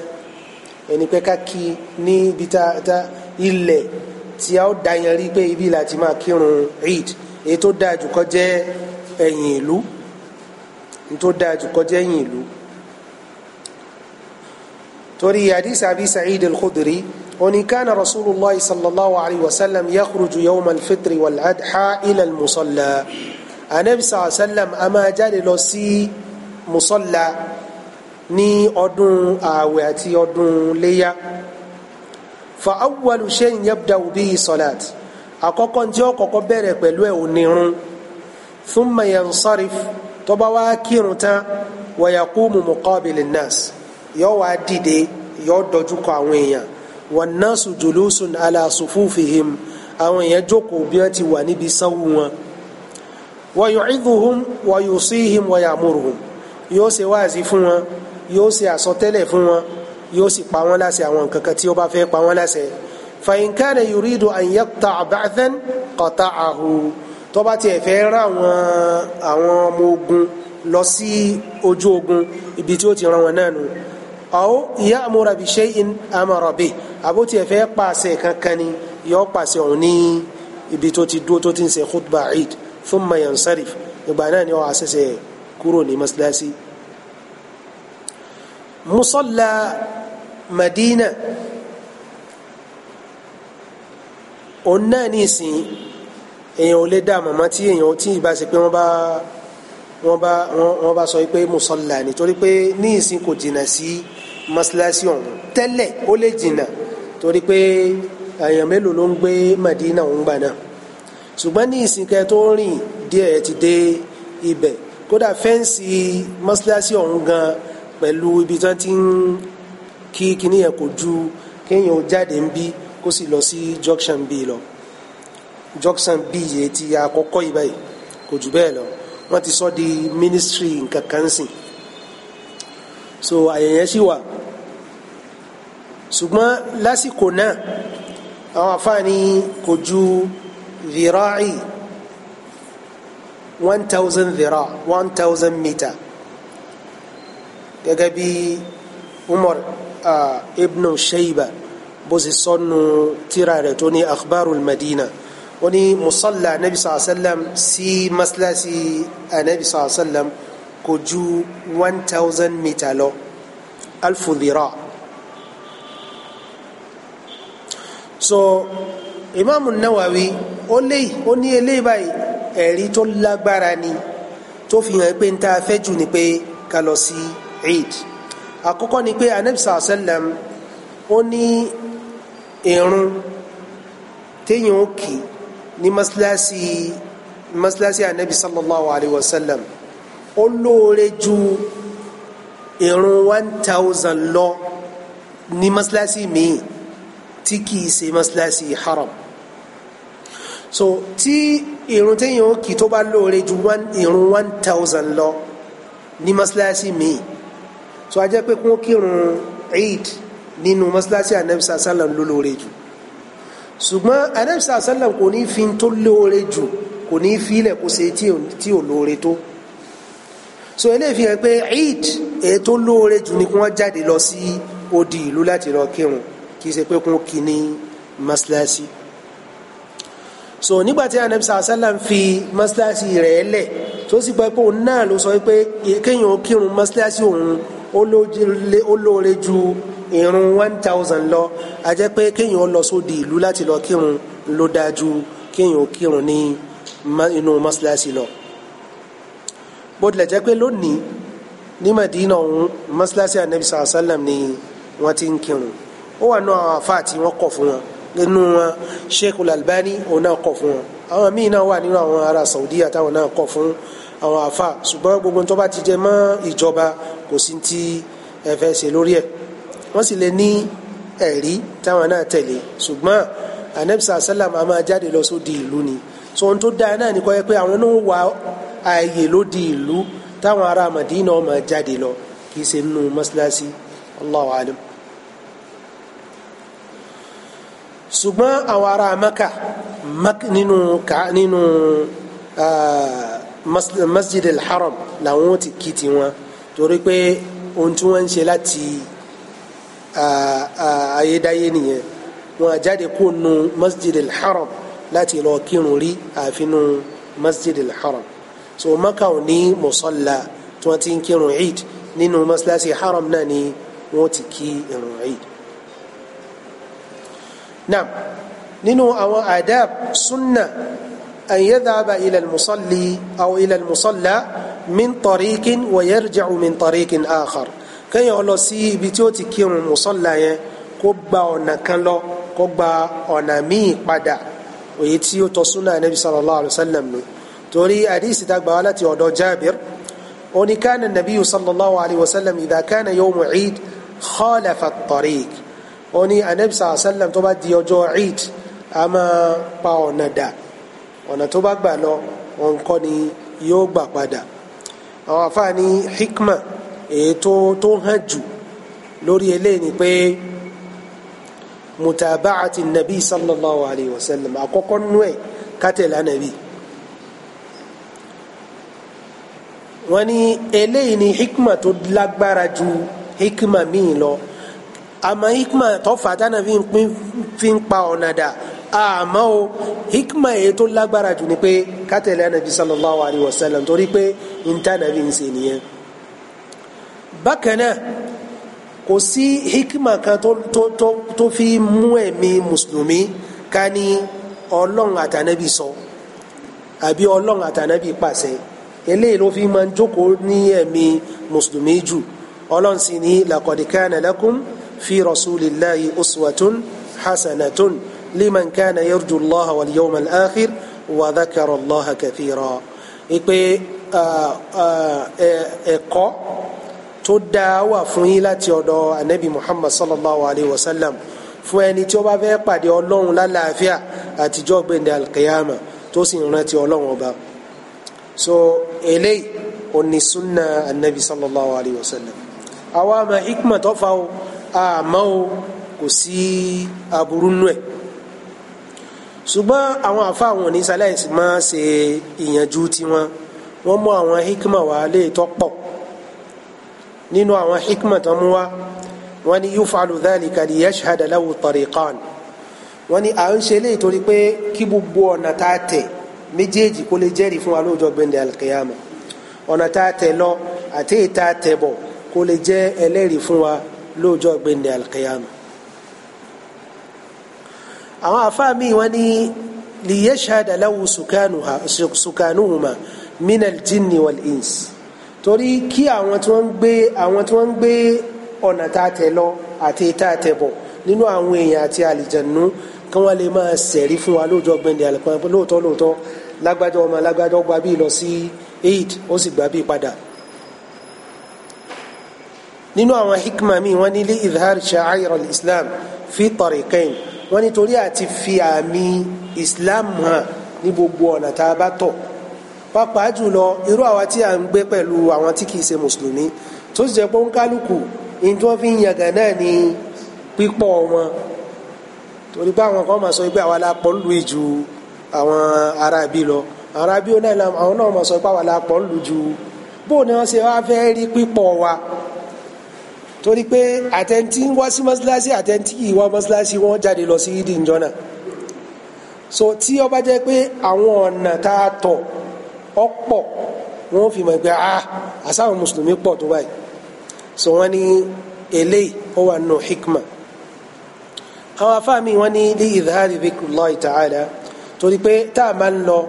ẹni pé ká kí ní ibi tá tá ilẹ̀ tí a ó dayan rí pé ibi láti máa kírun eid èyí tó dáa jù kó jẹ́ ẹ̀yìn ìlú èyí tó dáa jù kó jẹ́ ẹ̀yìn ìlú torí hadith abi sa'id al-khudri oni rasulillah sallallahu alayhi wa sallam yakhruju yawm al-fitr wal-adha ila al-musalla anabi sallallahu alayhi wa sallam a máa jáde lọ sí musalla ní ọdún ààwẹ̀ àti ọdún léyà fa awwalu shay'in yabda'u bihi salat àkọ́kọ́ tí ó kọ́kọ́ bẹ̀rẹ̀ pẹ̀lú ẹ̀ onírun thumma yansarif tó bá wá kírun tán wa yaqumu muqabila an-nas yóò wá dìde yóò dojú kọ àwọn èèyàn wan-nasu julusun ala sufufihim àwọn èèyàn jókòó bí wọ́n ti wà níbi sáwù wọn wa yu'idhuhum wa yusihim wa ya'muruhum yóò ṣe wáàzí fún wọn yóò ṣe àsọtẹ́lẹ̀ fún wọn yóò sì pa wọn láṣẹ àwọn nǹkan kan tí ó bá fẹ́ pa wọn láṣẹ fa in kana yuridu an yaqta'a ba'than qata'ahu tó bá tiẹ̀ fẹ́ rán àwọn àwọn ọmọ ogun lọ sí ojú ogun ibi tí ó ti rán wọn náà nù aw ya'muru bi shay'in amara àbó tiẹ̀ fẹ́ pàṣẹ kankan ni yóò pàṣẹ òun ní ibi tó ti dúró tó ti ń ṣe khutba eid thumma yansarif ìgbà náà ni ó wà kúrò ní mọ́sálásí. مصلى مدينة ọ̀nà nísìn èèyàn ò lè dá màmá tí èèyàn ò tí ì bá ṣe pé wọ́n bá wọ́n bá wọ́n bá sọ pé mùsọ̀là nítorí pé nísìn kò jìnnà sí mọ́ṣáláṣí ọ̀hún tẹ́lẹ̀ ó lè jìnnà torí pé èèyàn mélòó ló ń gbé Madina òun gbà náà ṣùgbọ́n nísìn kẹ́ tó rìn díẹ̀ ti dé ibẹ̀ kódà fẹ́ǹsì mọ́ṣáláṣí ọ̀hún gan-an pẹ̀lú ibi tí wọ́n ti ń kí kíní yẹn kò ju kéèyàn jáde ń bí kó sì lọ sí junction b lọ junction b yìí ti àkọ́kọ́ yìí báyìí kò jù bẹ́ẹ̀ lọ wọ́n ti sọ di ministry nǹkan kan sìn so àyẹ̀yẹ́ sì wà ṣùgbọ́n lásìkò náà àwọn àfáàní kò ju dhira'i one thousand dhira one thousand meter gẹ́gẹ́ bí Umar ibn Shayba bó ṣe sọnù tírà rẹ̀ tó ní akhbarul Madina ó ní musalla anabi sallallahu alayhi wa sallam sí masilasi anabi sallallahu alayhi wa sallam kò ju one thousand mita lọ alfu dhira. so imaamu nawawi ó lé ó ní eléyìí báyìí ẹ̀rí tó lágbára ni tó fi hàn pé n ta fẹ́ jù ni pé ká lọ sí eid àkọ́kọ́ ni pé anabisa sallam ó ní irun téèyàn ó kì ní masilasi masilasi anabi sallallahu alayhi wa sallam ó lóore ju irun one thousand lọ ní masilasi míì tí kìí ṣe masilasi haram so tí irun téèyàn ó kì tó bá lóore ju irun one thousand lọ ní masilasi míì so a jẹ́ pé kí wọ́n kírun eid nínú mọ́sálásí anabi sàlám ló lóore jù ṣùgbọ́n anabi sàlám kò ní fi tó lóore jù kò ní fi ilẹ̀ kó ṣe tí ò lóore tó so eléyìí fi hàn pé eid èyí tó lóore jù ni kí wọ́n jáde lọ sí odi ìlú láti lọ kírun kì í ṣe pé kí wọ́n kí ní mọ́sálásí so nígbàtí anabi sàlám fi mọ́sálásí rẹ̀ lẹ̀ tó sì gbọ́ pé òun náà ló sọ pé kéèyàn kírun mọ́sálásí òun ó lóore ju irun one thousand lọ a jẹ́ pé kéèyàn lọ sóde ìlú láti lọ kírun ló dáa ju kéèyàn kírun ní inú mọ́ṣáláṣí lọ bó tilẹ̀ jẹ́ pé lónìí ní Madina ọ̀hún mọ́ṣáláṣí anabi sallallahu alayhi ni wọ́n ti ń kírun ó wà náà àwọn àfáà tí wọ́n kọ̀ fún wọn nínú wọn Sheikh Al-Albani òun náà kọ̀ fún wọn àwọn míì náà wà nínú àwọn ará Saudi àtàwọn náà kọ̀ fún wọn àwọn àfa ṣùgbọ́n gbogbo tó bá ti jẹ mọ́ ìjọba kò sí ti ẹ fẹ́ ṣe lórí ẹ̀ wọ́n sì lè ní ẹ̀rí táwọn náà tẹ̀lé ṣùgbọ́n anabisa salam a máa jáde lọ sódi ìlú ni so ohun tó dáa náà ni kọ́ yẹ pé àwọn náà wà ààyè lódi ìlú táwọn ará Madina máa jáde lọ kì í ṣe nínú mọ́ṣáláṣí Allahu alam. ṣùgbọ́n àwọn ará Maka nínú nínú. Uh, masjid al-haram làwọn ó ti kí tiwọn torí pé ohun tí wọ́n ń ṣe láti ayédáyé nìyẹn wọn àjáde kó nu masjid al-haram láti lọ kírun rí àfinú masjid al-haram so maka ò ní musalla tí wọ́n ti ń kírun eid nínú masalasi haram náà ni wọ́n ti kí irun eid. naam nínú àwọn adab sunna. أن يذهب إلى المصلي أو إلى المصلى من طريق ويرجع من طريق آخر كان يقول سي بتوتي كيرون المصلى كوبا ونكالو كبا له كوبا أنا مي قدا ويتيو تصنع النبي صلى الله عليه وسلم توري أديس تقبالتي ودو جابر وني كان النبي صلى الله عليه وسلم إذا كان يوم عيد خالف الطريق وني النبي صلى الله عليه وسلم تبدي يوجو عيد أما باو ندا ọ̀nà tó bá gbà lọ òun kọ́ ni yóò gbà padà àwọn àfààní hikma èyí tó tó hàn jù lórí eléyìí ni pé mutabaati nabi sallallahu alayhi wa sallam àkọ́kọ́ nú ẹ̀ kátẹ́lá nàbí. wọ́n ní eléyìí ni hikma tó lágbára ju hikma míì lọ àmọ́ hikma tó fàtánà fi ń pa ọ̀nà dà àmọ́ o hikma èyí tó lágbára jù ni pé ká tẹ̀lé anabi sallallahu alayhi wa sallam torí pé níta nàbí ń ṣe nìyẹn. bákan náà kò sí hikma kan tó tó fi mú ẹ̀mí mùsùlùmí ká ní ọlọ́run àtànábì sọ àbí ọlọ́run àtànábì pàṣẹ eléyìí ló fi máa ń jókòó ní ẹ̀mí mùsùlùmí jù ọlọ́run sì ní laqad kana lakum fi rasulillahi uswatun hasanatun liman kana yarju allah wal yawm al akhir wa dhakara allah kathira ipe ẹ̀kọ́ tó dáa wà fún yín láti ọ̀dọ̀ anabi muhammad sallallahu alayhi wa sallam fún ẹni tí ó bá fẹ́ pàdé ọlọ́run lálàáfíà àtijọ́ gbẹ̀ndẹ̀ alkiyama tó sì rántí ọlọ́run ọba so eléyìí òní sunna anabi sallallahu alayhi wa sallam àwa àmà hikma tó fa o àmọ́ o kò sí aburú nù ẹ̀ ṣùgbọ́n àwọn àfa àwọn oníṣàlẹ́sì máa ṣe ìyànjú tiwọn wọ́n mú àwọn hikma wá léètọ́ pọ̀ nínú àwọn hikma tó mú wá wọ́n ní yufalu dhalika li yashhada lahu tariqan wọ́n ní à ń ṣe léyìí torí pé kí gbogbo ọ̀nà tá a tẹ̀ méjèèjì kó lè jẹ́rìí fún wa lóòjọ́ gbẹ̀ndẹ̀ alkiyama ọ̀nà tá a tẹ̀ lọ àti èyí tá a tẹ̀ bọ̀ kó lè jẹ́ ẹlẹ́rìí fún wa lóòjọ́ gbẹ̀ndẹ̀ alkiyama àwọn àfáà míì wọ́n ní liyashhada lahu sukanuhuma minal jinni wal ins torí kí àwọn tí wọ́n ń gbé àwọn tí wọ́n ń gbé ọ̀nà tá a tẹ̀ lọ àti tá a tẹ̀ bọ̀ nínú àwọn èèyàn àti àlìjànú kí wọ́n lè máa ṣẹ̀rí fún wa lóòjọ́ gbẹ̀ndẹ̀ àlùkò lóòótọ́ lóòótọ́ lágbájá ọmọ lágbájá gba bíi lọ sí eid ó sì gba bíi padà nínú àwọn hikma mi wọ́n ní li izhar sha'air al-islam fi tariqayn wọ́n nítorí àti fi àmì Islam hàn ní gbogbo ọ̀nà tá a bá tọ̀ pàápàá jùlọ irú àwa tí a ń gbé pẹ̀lú àwọn tí kìí ṣe mùsùlùmí tó sì jẹ́ pé ó ń kálukú ní tí wọ́n fi ń yangàn náà ní pípọ̀ wọn torí pé àwọn kan máa sọ pé àwa la pọ̀ ń lu àwọn arábí lọ arábí náà àwọn náà máa sọ pé àwa la pọ̀ ń ju bóun ni wọ́n ṣe wá fẹ́ rí pípọ̀ wa torí pé àtẹ̀ntì ń wá sí mọ́sálásí àtẹ̀ntì yìí wá mọ́sálásí wọ́n jáde lọ sí ìdí ìjọ náà so tí ó bá jẹ́ pé àwọn ọ̀nà tá a tọ̀ ọ̀pọ̀ wọ́n fi mọ̀ pé ah mùsùlùmí pọ̀ tó báyìí so wọ́n ní eléyìí ó wà nù hikma àwọn afáàmì wọ́n ní li idhari dhikrullahi ta'ala torí pé tá a máa ń lọ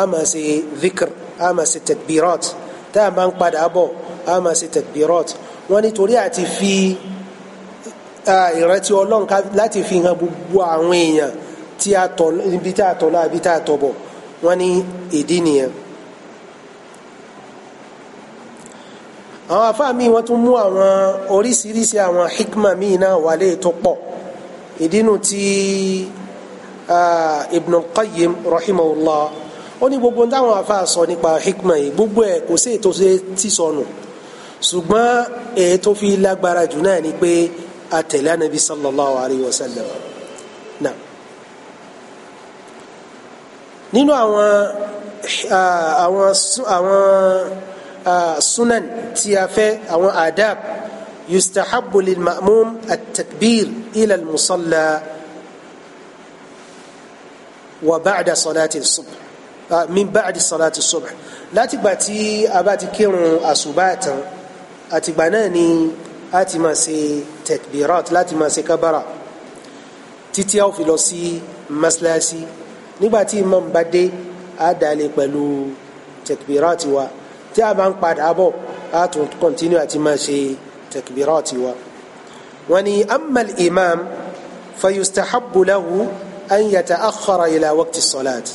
a máa ṣe dhikr a máa ṣe tadbirat tá a máa ń padà bọ̀ a máa ṣe tadbirat wọ́n nítorí àti fi ìrántí ọlọ́run láti fi hàn gbogbo àwọn èèyàn tí a tọ̀ ibi tá a tọ̀ lọ àbí tá a tọ̀ bọ̀ wọ́n ní ìdí nìyẹn. àwọn àfáà míì wọ́n tún mú àwọn oríṣiríṣi àwọn hikma míì náà wálé tó pọ̀ ìdínú tí Ibn Qayyim rahimahullah ó ní gbogbo táwọn àfáà sọ nípa hikma yìí gbogbo ẹ̀ kò sí ètò tí sọnù. So ṣùgbọ́n èyí tó fi lágbára jù náà ni pé àtẹ̀lé anabi sallallahu alayhi wa sallam náà nínú àwọn ah, àwọn àwọn ah, sunan tí a fẹ́ àwọn adab yustahabbu lil ma'mum at-takbir ila al-musalla wa ba'da salati al-subh ah, min ba'di salati subh láti gbà tí a bá ti kírun àsùbá tán àtìgbà náà ni a ti máa ṣe tẹkbirat láti máa ṣe kábàrà títí a ó fi lọ sí masilasi nígbà tí imam bá dé a dalẹ̀ pẹ̀lú tẹkbirat wa tí a bá ń padà bọ̀ a tún kọ́ntínú àti máa ṣe tẹkbirat wa. wọ́n ní amal imam fayustahabu lahu an yata'akhkhara ila waqti salat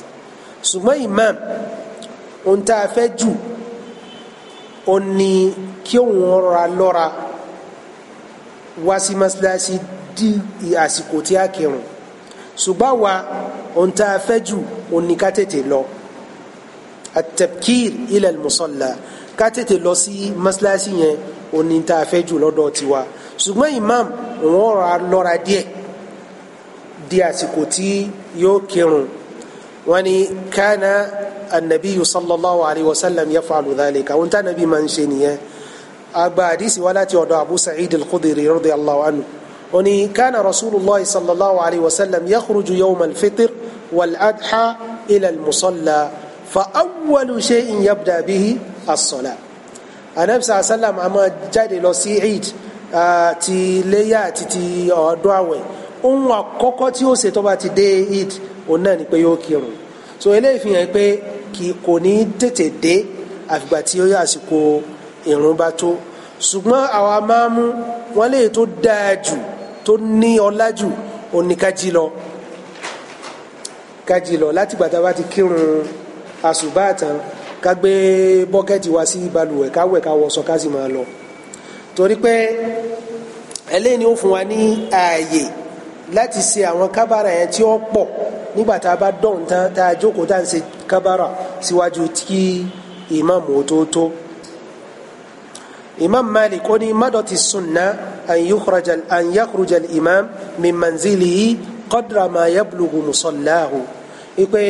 ṣùgbọ́n imam ohun tá a fẹ́ jù ó ní kí òun rọra lọ́ra wá sí mọ́sálásí di àsìkò tí a kírun ṣùgbọ́n wa ohun tá a fẹ́ jù òun ni ká tètè lọ at-tabkir ila al-musalla ká tètè lọ sí mọ́sálásí yẹn òun ni tá a fẹ́ jù lọ́dọ̀ tiwa ṣùgbọ́n imam òun rọra lọ́ra díẹ̀ di àsìkò tí yóò kírun wọ́n ní kánà anabiyu sallallahu alayhi wa sallam yaf'alu dhalika ohun tá a máa ń ṣe nìyẹn agba àdìsí wa láti ọ̀dọ̀ abu sa'id al-khudiri radiyallahu anhu oni kana rasulillah sallallahu alayhi wa sallam yakhruju yawm al-fitr wal-adha ila al-musalla fa awwalu shay'in yabda bihi as-sala anabi sallam a máa jáde lọ sí eid ti léyà àti ti ọdún àwẹ̀ ohun àkọ́kọ́ tí ó ṣe tó bá ti dé eid òun náà ni pé yóò kírun so eléyìí fi hàn pé kò ní tètè dé àfìgbà tí ó yà àsìkò ìrun bá tó ṣùgbọ́n àwa máàmù wọn lè tó dáa jù tó ní ọlá jù oníkájí lọ kájí lọ láti gbàtà bá ti kírun àṣùbà tán ká gbé bọ́kẹ́tì wá sí balùwẹ̀ ká wẹ̀ ká wọṣọ ká sì máa lọ torí pé ẹlẹ́ni ó fún wa ní ààyè láti ṣe àwọn kábàrà yẹn tí ó pọ̀ nígbà tá a bá dọ̀n tán tá a jókòó tá a ń ṣe kábàrà síwájú tí ìmáàmù ó tó tó imam malik ó ní madọ̀tí sunna an yukhraja an yakhruja imam min manzilihi qadra ma yablughu musallahu ipe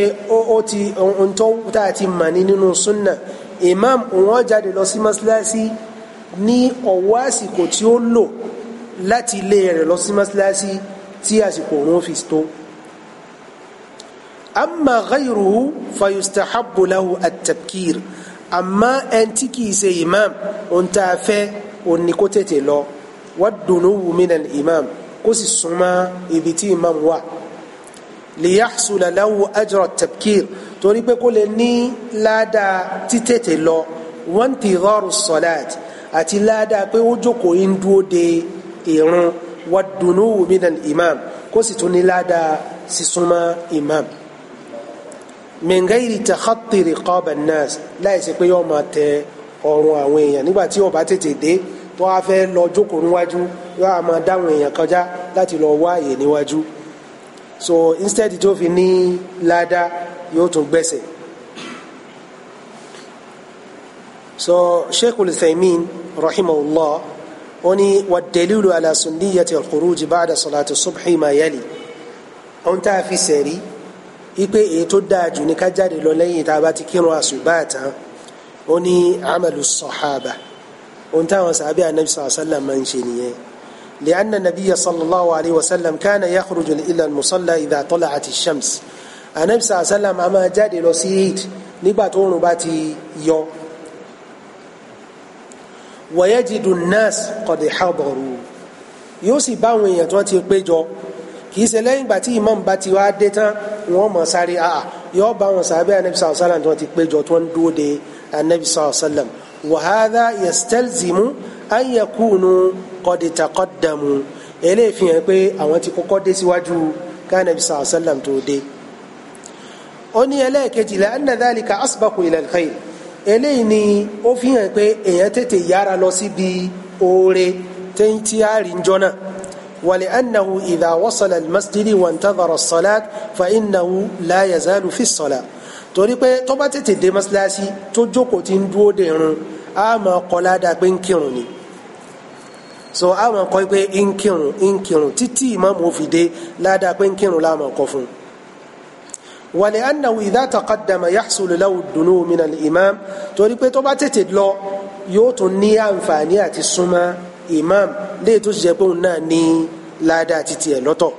ó ti ohun tó tá a ti mà ní nínú sunna imam òun jáde lọ sí mọ́sálásí ní ọ̀wọ́ àsìkò tí ó lò láti ilé rẹ̀ lọ sí mọ́sálásí tí àsìkò òun fi tó amma ghayruhu fayustahabbu lahu at-tabkir àmọ́ ẹni tí kìí ṣe imam òun tá a fẹ́ òun ni kó tètè lọ wadunuwu minan imam kó sì súnmọ́ ibi tí imam wà liyahsula lahu ajra tabkir torí pé kó lè ní ládàá títètè lọ wọn ti rọrùn sọláàt àti ládàá pé ó jókòó ń dúró de ìrun wadunuwu minan imam kó sì tún ní ládàá sísúnmọ́ imam min gairi takhatti riqab an-nas láì ṣe pé yóò máa tẹ ọrùn àwọn èèyàn nígbà tí ó bá tètè dé tó wá fẹ́ lọ jókòó níwájú yóò á máa dáwọn èèyàn kọjá láti lọ wá àyè níwájú so instead tó fi ní ládá yóò tún gbẹ̀sẹ̀ so sheikh al-thaymin rahimahullah ó ní wa dalilu ala sunniyati al-khuruj ba'da salati subhi ma yali ohun tá a fi sẹ̀rí ipe èyí tó dáa jù ní ká jáde lọ lẹ́yìn tá a bá ti kírun àṣùbà tán ó ní amalu sọ̀hábà ohun táwọn sàbí anabi sọ̀rọ̀ sálàm máa ń ṣe nìyẹn لأن النبي صلى الله عليه وسلم كان يخرج إلى المصلى إذا طلعت الشمس anabi sọ̀rọ̀ sálàm a máa jáde lọ sí eid nígbà tó oòrùn bá ti yọ wa yajidu an-nas qad hadaru yóò sì bá àwọn èèyàn tó ti péjọ kì í ṣe lẹ́yìn ìgbà tí imam bá ti wá dé tán wọ́n mọ̀ sáré àà yọ bá wọn sábẹ́ anabi sàlọ́ sàlám tí wọ́n ti péjọ tí wọ́n dúró de anabi sàlọ́ sàlám wa hadha yastalzimu an eléyìí fi pé àwọn ti kọ́kọ́ dé síwájú ká anabi sàlọ́ sàlám tó dé. ó ní ẹlẹ́ẹ̀kejì la anna dhalika asbaqu ila al-khayr eléyìí ni ó fi pé èèyàn tètè yára lọ síbi oore tí ń jọ náà. ولأنه إذا وصل المسجد وانتظر الصلاة فإنه لا يزال في الصلاة torí pé tó bá tètè dé mọ́sálásí tó jókòó tí ń dúró de irun á máa kọ́ ládàá pé ń kírun ni so á máa kọ́ pé ń kírun ń kírun títí ìmáàmù ó dé ládàá pé ń kírun lá máa kọ́ fún un. ولأنه إذا تقدم يحصل له الدنو من الإمام torí pé tó bá tètè lọ yóò tún ní àǹfààní àti súnmọ́ imam léyìí tó ṣiṣẹ́ pé òun náà ní ládàá títí ẹ̀ lọ́tọ̀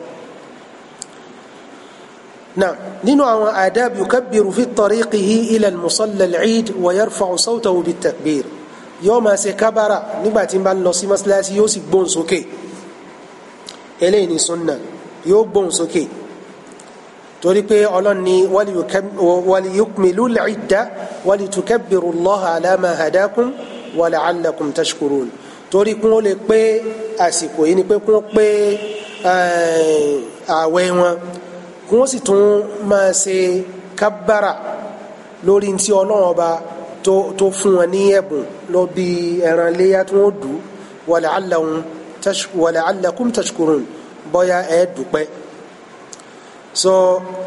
náà nínú àwọn adab yukabbiru fi tariqihi ila al-musalla al-eid wa yarfa'u sawtahu bit-takbir yóò máa ṣe kábàrà nígbà tí n bá ń lọ sí mọ́ṣáláṣí yóò sì gbóhùn sókè eléyìí ni sunna yóò gbóhùn sókè torí pé ọlọ́run ni waliyukmilu al-idda walitukabbiru allaha ala ma hadakum wa la'allakum tashkurun torí kún ó lè pé àsìkò yìí ni pé kún ó pé eh, ààwẹ̀ wọn kún ó sì tún máa ṣe kábàrà lórí ti ọlọ́run ọba tó fún wọn ní ẹ̀bùn lọ bí ẹran léyà tí wọ́n dùn wala'allakum tashkurun bọ́yá ẹ̀ dúpẹ́ so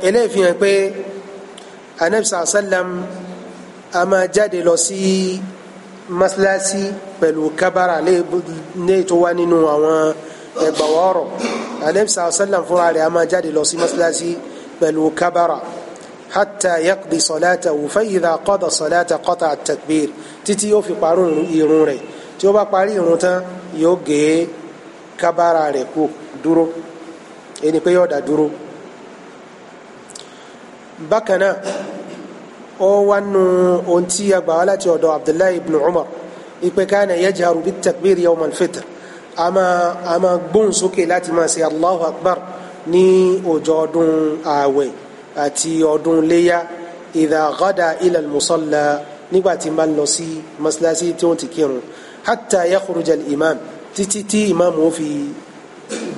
eléyìí fi hàn pé anabi sallam a máa jáde lọ sí. Si, masilasi pẹ̀lú kabara ne tó wá nínú àwọn ẹgbàwọ́rọ̀ anabi sàlá sàlám fúnra rẹ̀ a máa jáde lọ sí masilasi pẹ̀lú kabara hatta yaqdi salatahu fa idha qada salata qata at-takbir títí yóò fi parí irun rẹ̀ tí ó bá parí irun tán yóò gé kabara rẹ̀ kú dúró ẹni pé yóò dá dúró ó wá nu ohun tí a gbà wá láti ọ̀dọ̀ abdullahi ibn umar ìpè kana yajharu bit takbir yawm al-fitr àmà àmà gbóhùn sókè láti máa ṣe allahu akbar ní ọjọ́ ọdún ààwẹ̀ àti ọdún léyà idha ghada ila al-musalla nígbà tí máa lọ sí masalasi tí wọ́n ti kírun hatta yakhruja al-imam títí tí imam ó fi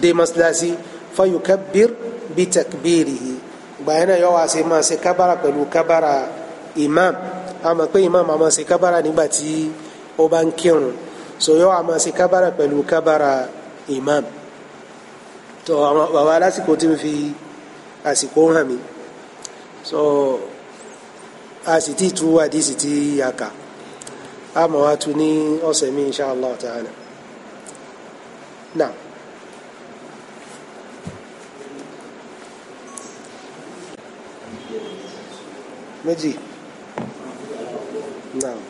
dé masalasi fayukabbir bitakbirihi gbàyẹn náà yọ wá sí máa ṣe kábàrà imam a mọ̀ pé imam a máa ṣe kábàrà nígbà tí ó bá ń kírun so yóò a máa ṣe kábàrà pẹ̀lú kábàrà imam tó àwọn bàbá lásìkò tí ń fi àsìkò hàn mí so a sì ti tú àdìsí tí a kà a mọ̀ wá tu ní ọ̀sẹ̀ mi insha Allah ta'ala náà. No.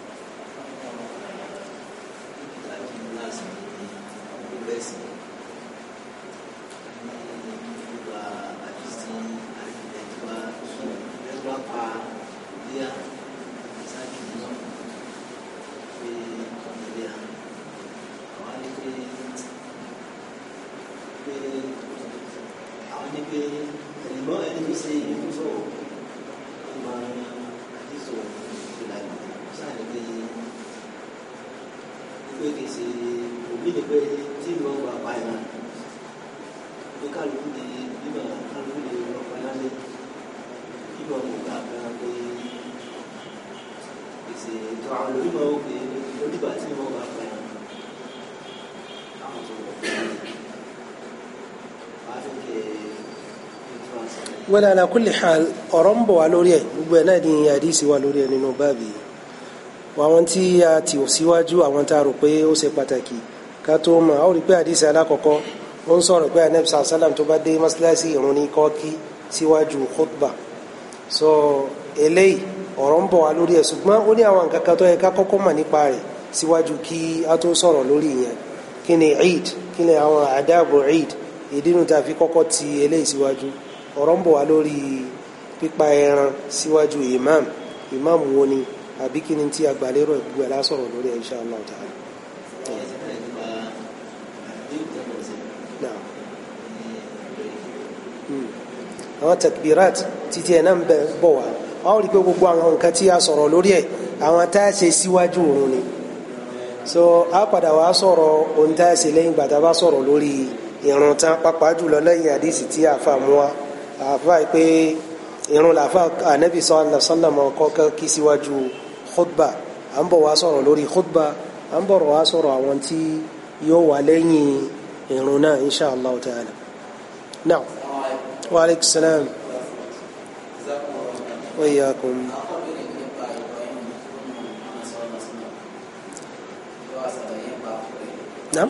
wala ala kulli hal ọ̀rọ̀ ń bọ̀ wá lórí ẹ̀ gbogbo ẹ̀ náà ni àdìsí wà lórí ẹ̀ nínú báàbí àwọn tí a ti ò síwájú àwọn tá a rò pé ó ṣe pàtàkì ká tó mọ̀ ó rí pé àdìsí alákọ̀ọ́kọ́ ó ń sọ̀rọ̀ pé anabi sàlám tó bá dé mọ́sálásí ìrun ní kọ́kí síwájú khutba so eléyìí ọ̀rọ̀ ń bọ̀ wá lórí ẹ̀ ṣùgbọ́n ó ní àwọn nǹkan kan tó yẹ ká kọ́kọ́ mọ̀ nípa rẹ̀ síwájú kí a tó sọ̀rọ̀ lórí ìyẹn kí ni eid kí ni àwọn àdáàbò eid ìdí nu tá fi kọ́kọ́ ti eléyìí síwájú. Si ọ̀rọ̀ ń bọ̀ wá lórí pípa ẹran síwájú imam imam wo ni àbí kí ni tí agbálẹ́rọ̀ ìgbú ẹ̀ lásọ̀rọ̀ lórí ẹ̀ insha Allah ta'ala. Hmm. àwọn takbirat títí ẹ̀ náà ń bọ̀ wá wọ́n rí i pé gbogbo àwọn nǹkan tí a sọ̀rọ̀ lórí ẹ̀ àwọn tá a ṣe síwájú òun ni so a padà wá sọ̀rọ̀ ohun tá a ṣe lẹ́yìn gbàtà bá sọ̀rọ̀ lórí ìrun tán pàápàá jùlọ lẹ́yìn àdìsí tí a fà mú wa àfa pé irun làfa anabi sallallahu alaihi wasallam kọ́kọ́ kí síwájú khutba à ń bọ̀ wá sọ̀rọ̀ lórí khutba à ń bọ̀ wá sọ̀rọ̀ àwọn tí yóò wà lẹ́yìn irun náà insha allah ta'ala now wa aleykum salaam wa iyaakum. Naam.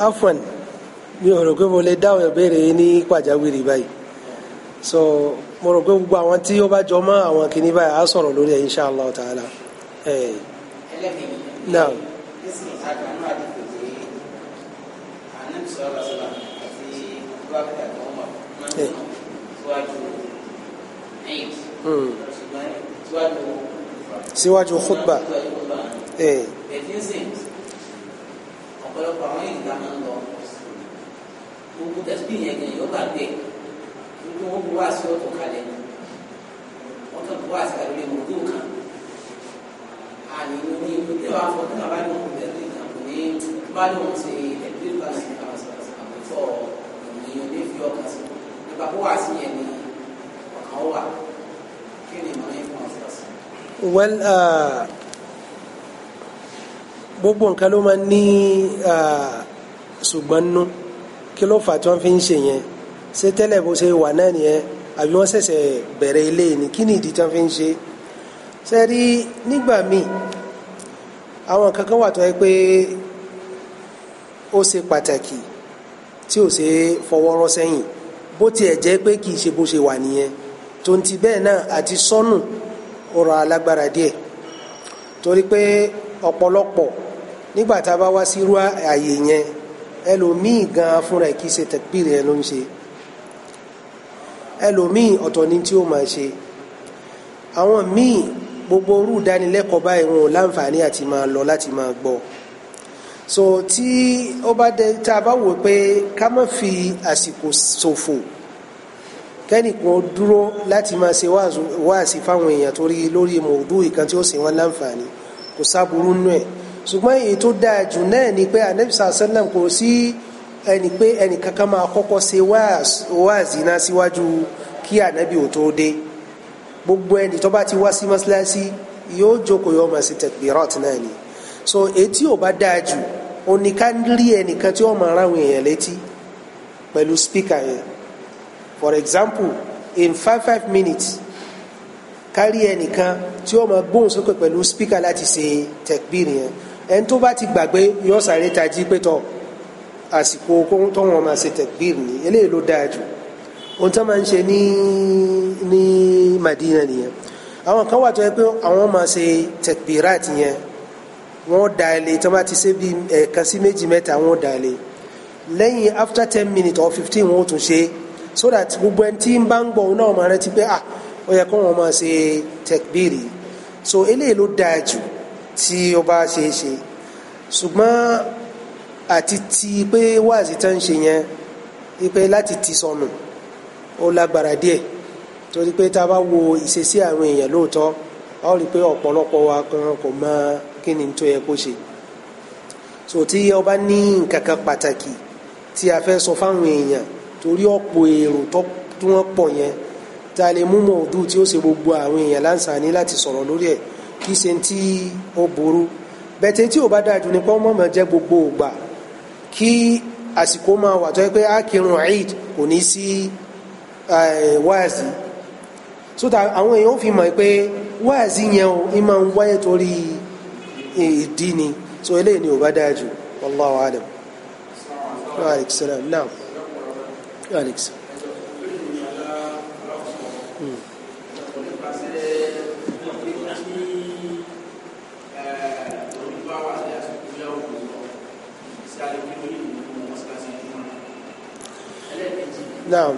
afwan mi ò rò pé mo lè dáhùn ìbéèrè ní pàjáwìrì báyìí so mo rò pé gbogbo àwọn tí ó bá jọ mọ́ àwọn kìíní báyìí á sọ̀rọ̀ lórí ẹ̀ insha Allah ta'ala. naam. Hmm. síwájú khutba. ẹ̀ ẹ̀ ọ̀pọ̀lọpọ̀ àwọn yìí nìkan máa ń lọ gbogbo tẹsíbí yẹn gan yóò gbàgbé gbogbo wọn bu wáàsí ọ̀tọ̀ kalẹ̀ wọn kàn bu wáàsí kalẹ̀ lórí mọdú kan àní ní ibi tí wàá fọ nígbà bá ní wọn kò tẹsí kan kò ní bá ní wọn ṣe ẹbí bá sí àwùjọ ènìyàn ní fi ọkàn sí nípa bó wáàsí yẹn ní ọkàn wà kí ni ìmọ̀ yẹn fún ọ̀sán sí gbogbo nǹkan ló máa ń ní ṣùgbọ́n nú kí ló fà tí wọ́n fi ń ṣe yẹn ṣé tẹ́lẹ̀ bó ṣe wà náà nìyẹn àbí wọ́n ṣẹ̀ṣẹ̀ bẹ̀rẹ̀ ilé ni kí ni ìdí tí wọ́n fi ń ṣe ṣe rí nígbà míì àwọn kankan wà tó yẹ pé ó ṣe pàtàkì tí ò ṣe fọwọ́ rọ́ sẹ́yìn bó tiẹ̀ jẹ́ pé kì í ṣe bó ṣe wà nìyẹn tó bẹ́ẹ̀ náà àti sọ́nù ọ̀rọ̀ alágbára díẹ̀ torí pé ọ̀pọ̀lọpọ̀ nígbà tá a bá wá sírú àyè yẹn ẹlòmíì gan fúnra ẹ̀ kì í ṣe tẹ̀kbírì ẹ̀ ló ń ṣe ẹlòmíì ọ̀tọ̀ ni tí ó máa ṣe àwọn míì gbogbo orú ìdánilẹ́kọ̀ọ́ báyìí wọn ò láǹfààní àti máa lọ láti máa gbọ́ so tí ó bá dé tá a bá wò pé ká má fi àsìkò ṣòfò kẹ́nìkan dúró láti máa ṣe wáàsí fáwọn èèyàn torí lórí mòdú ìkan tí ó ṣe wọ́n láǹfààní kò sáburú nù ẹ̀ ṣùgbọ́n èyí tó dáa jù náà ni pé anabi sàlẹ̀ kò sí ẹni pé ẹnì kankan máa kọ́kọ́ ṣe wáàzì náà síwájú kí anabi ò tó dé gbogbo ẹni tó bá ti wá sí mọ́ṣáláṣí yóò jókòó yóò máa ṣe tẹ̀gbìrọ̀tì náà ni so etí ò bá dáa jù oníkàndírí ẹnìkan tí ó máa ráwọn èèyàn létí pẹ̀lú spíkà yẹn for example in five five minutes kárí ẹnìkan tí ó máa gbóhùn sókè pẹ̀lú spíkà láti ṣe tẹ̀gbìrì yẹn ẹni tó bá ti gbàgbé yọ sáré tají pé tọ àsìkò kóhun tó wọn máa ṣe tẹkbír ni eléyìí ló dáa jù ohun tó máa ń ṣe ní ní Madina nìyẹn àwọn kan wà tó yẹ pé àwọn máa ṣe tẹkbírat yẹn wọn da ilé tó bá ti ṣe bí ẹ̀ẹ̀kan sí méjì mẹ́ta wọn da ilé lẹ́yìn after ten minutes or fifteen wọn ò tún ṣe so that gbogbo ẹni tí ń bá ń gbọ̀ ọ náà máa rántí pé ah ó yẹ kó wọn máa ṣe tẹkbír so eléyìí ló dáa jù tí ó bá ṣe é ṣe ṣùgbọ́n àti ti pé wáàsí tán ń ṣe yẹn wípé láti ti sọnù ó lágbára díẹ̀ torí pé tá a bá wo ìṣesí àwọn èèyàn lóòótọ́ a ó rí i pé ọ̀pọ̀lọpọ̀ wa kan kò mọ kí ni tó yẹ kó ṣe so tí ó bá ní nǹkan kan pàtàkì tí a fẹ́ sọ fáwọn èèyàn torí ọ̀pọ̀ èrò tó wọ́n pọ̀ yẹn tá a lè mú mọ̀ọ́dù tí ó ṣe gbogbo àwọn èèyàn láǹṣààní láti sọ̀rọ̀ lórí ẹ̀ kì í ṣe tí ó burú bẹ̀tẹ̀ tí ò bá dájú ni pé ọmọ jẹ́ gbogbo ògbà kí àsìkò máa wà tó yẹ pé akirun eid kò ní sí eh, wáàsí sótà àwọn èèyàn fi mọ̀ pé wáàsí yẹn o ì máa ń wáyé torí ìdí ni so eléyìí ni ò bá dájú wallahu alam aleykum salaam naam aleykum salaam. Hmm. نعم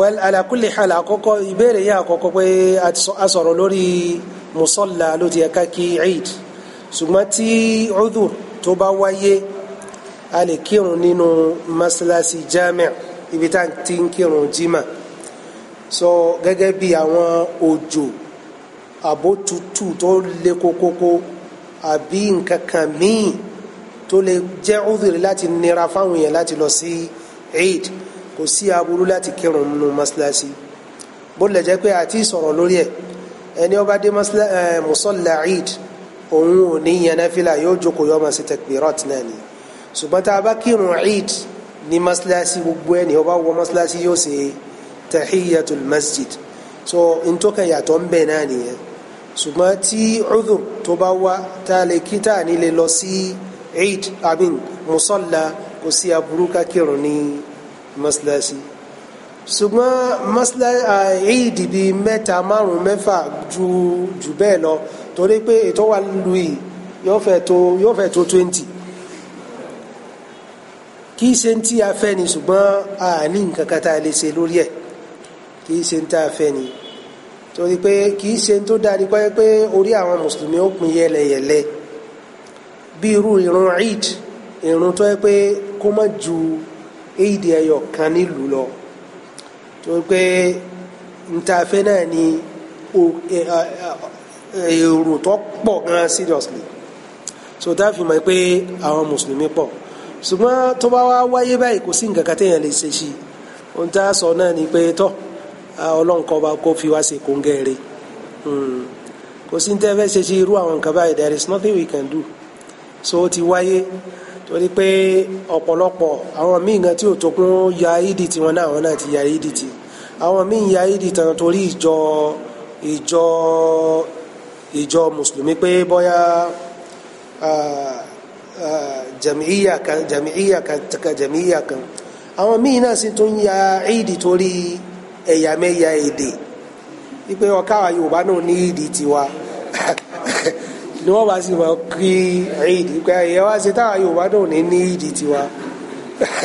well ala kulli hal àkọ́kọ́ ìbéèrè yìí àkọ́kọ́ pé a sọ̀rọ̀ lórí musọ́là ló ti yẹ ká kí eid ṣùgbọ́n tí udhur tó bá wáyé a lè kírun nínú masalasi jami ibi tá ti ń kírun jimá so gẹ́gẹ́ bí àwọn òjò àbótútù tó le kókókó àbí nǹkan kan míì tó lè jẹ́ udhur láti nira fáwọn èèyàn láti lọ sí eid kò sí aburú láti kírun nínú masalasi bó lè jẹ́ pé àti sọ̀rọ̀ lórí ẹ̀ ẹni ó bá dé mùsọ̀lá eid òun ò ní yan náfìlà yóò jókòó yọ máa ṣe takbirat náà ni ṣùgbọ́n tá a bá kírun eid ní masilasi gbogbo ẹni ó wọ masilasi yóò ṣe tahiyatul masjid so ntọ́ka yàtọ̀ ń bẹ̀ náà nìyẹn ṣùgbọ́n tí udhur tó bá wá tá a lè kí tá a nílé lọ sí eid abin musalla kò sí aburú ká ní masilasi ṣùgbọ́n mọ́sálá ẹ̀ẹ́dì bíi mẹ́ta márùn-ún mẹ́fà ju jù bẹ́ẹ̀ lọ torí pé ètò wa lu yìí yóò fẹ́ tó yóò fẹ́ tó twenty kì í ṣe ti afẹ́ ni ṣùgbọ́n a ní nǹkan kan tá a lè ṣe lórí ẹ̀ kì í ṣe ń tá a fẹ́ ni torí pé kì í ṣe tó dáa ni pé orí àwọn mùsùlùmí ó pin yẹlẹyẹlẹ bí irú ìrun eid ìrun tó yẹ pé kó má ju eid ẹyọ kan nílùú lọ torí pé náà ni èrò tó pọ̀ gan seriously so tá a fi mọ̀ pé àwọn mùsùlùmí pọ̀ ṣùgbọ́n tó bá wá wáyé báyìí kò sí nǹkan kan téèyàn lè ṣe sí i ohun tá a sọ náà ni pé tọ́ ọlọ́run kọ́ fi wá ṣe kóńgẹ́ rẹ̀ hmm. kò sí ní tẹ́ fẹ́ ṣe sí irú àwọn nǹkan báyìí there is nothing we can do so ó ti wáyé torí pé ọ̀pọ̀lọpọ̀ àwọn míì gan tí ò tó kún ya ìdí tiwọn náà àwọn náà ti ya ìdí ti àwọn míì ya ìdí tán torí ìjọ ìjọ ìjọ mùsùlùmí pé bóyá jamiya kan jamiya kan kan jamiya kan àwọn míì náà sì tún ya ìdí torí ẹ̀yàmẹ̀yà èdè wípé ọ̀ká Yorùbá náà ní ìdí tiwa. [LAUGHS] ni wọ́n wá sí ma kí ìdí pé ẹ̀yẹ wá sí táwọn Yorùbá náà ní ní ìdí tiwa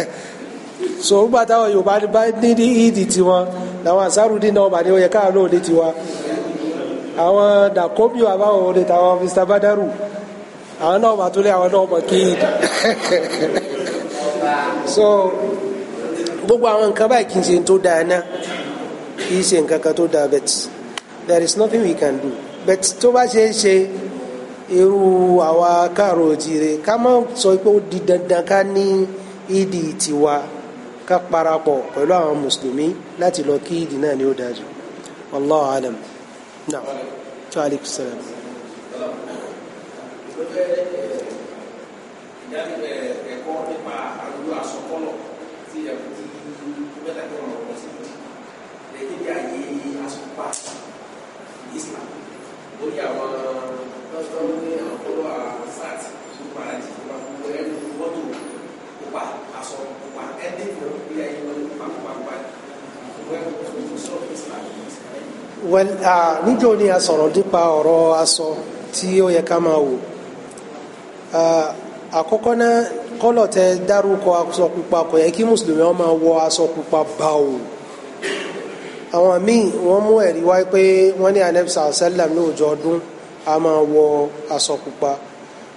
[LAUGHS] so nígbà táwọn Yorùbá ní ní ìdí tiwọn làwọn àsárùdí náà bá ní ó káà náà ní tiwa àwọn dàkóbíò àbáwọn òde táwọn Mr. Badaru àwọn náà bá tún lé àwọn náà mọ kí ìdí [LAUGHS] so gbogbo àwọn nǹkan báyìí kì í ṣe tó dáa ná kì í ṣe nǹkan kan tó dáa but there is nothing we can do but tó bá ṣe é ṣe irú àwa káàró òjìrè ká má sọ pé ó di dandan ká ní ìdí tiwa ká parapọ̀ pẹ̀lú àwọn mùsùlùmí láti lọ kí ìdí náà ni ó dájú wallahu alam naam tó alaikum salam. Islam ó ní àwọn lọ́sọ̀rọ̀ ní àwọn kọ́lọ́ sat pupa àti pupa pupa ẹnu mọ́tò pupa aṣọ pupa ẹni tó ń gbé ayé wọn pupa pupa pupa well níjọ́ ni a sọ̀rọ̀ nípa ọ̀rọ̀ aṣọ tí ó yẹ ká máa wò àkọ́kọ́ náà kọ́lọ̀ tẹ dárúkọ aṣọ pupa kò yẹ kí mùsùlùmí ó máa wọ aṣọ pupa báwo àwọn míì wọ́n mú ẹ̀rí wá pé wọ́n ní anabisa sallam ní ọjọ́ ọdún a máa wọ aṣọ pupa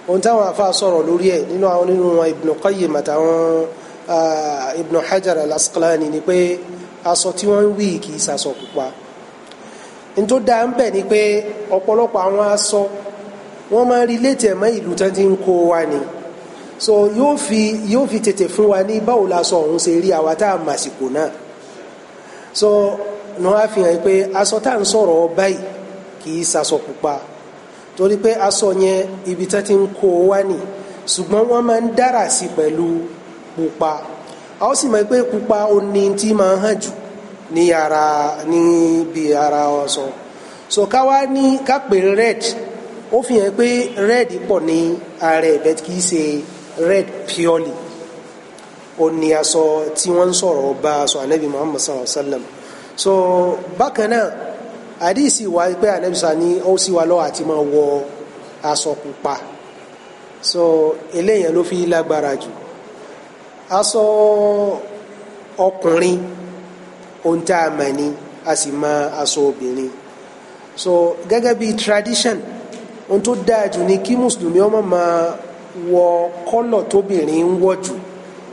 ohun táwọn afa sọ̀rọ̀ lórí ẹ̀ nínú àwọn nínú wọn Ibn Qayyim àtàwọn Ibn Hajar al-Asqalani ni pé aṣọ tí wọ́n ń wí kì í ṣaṣọ pupa n tó ń bẹ̀ ni pé ọ̀pọ̀lọpọ̀ àwọn aṣọ wọ́n máa ń rí létí ẹ̀mọ́ ìlú tán ti ń kó wa ni so yóò fi yóò fi tètè fún wa ní báwo la sọ òun ṣe rí àwa tá a màsìkò náà so ní a fi hàn pé aṣọ tá báyìí pupa torí pé aṣọ yẹn ibi ta ti ń kó o wá nì ṣùgbọn wọn máa ń dára sí pupa a ó sì mọ̀ pupa ó tí máa hàn jù ní ara ara ọsọ so ká wá ní ká pè red ó fi hàn pé red pọ̀ ní ara ẹ̀ bẹ́ẹ̀ kì red purely ó aṣọ tí wọn ń sọ̀rọ̀ bá aṣọ so bákan náà àdìsí wa pé ànẹ́bísà ni ó sì wà lọ́wọ́ àti máa wọ aṣọ pupa so eléyàn ló fi lágbára jù aṣọ ọkùnrin ohun tá a mọ̀ ni a sì mọ̀ aṣọ obìnrin so gẹ́gẹ́ bí tradition ohun tó dáa jù ni kí mùsùlùmí ọmọ máa wọ kọ́lọ̀ tóbìnrin ń wọ̀ jù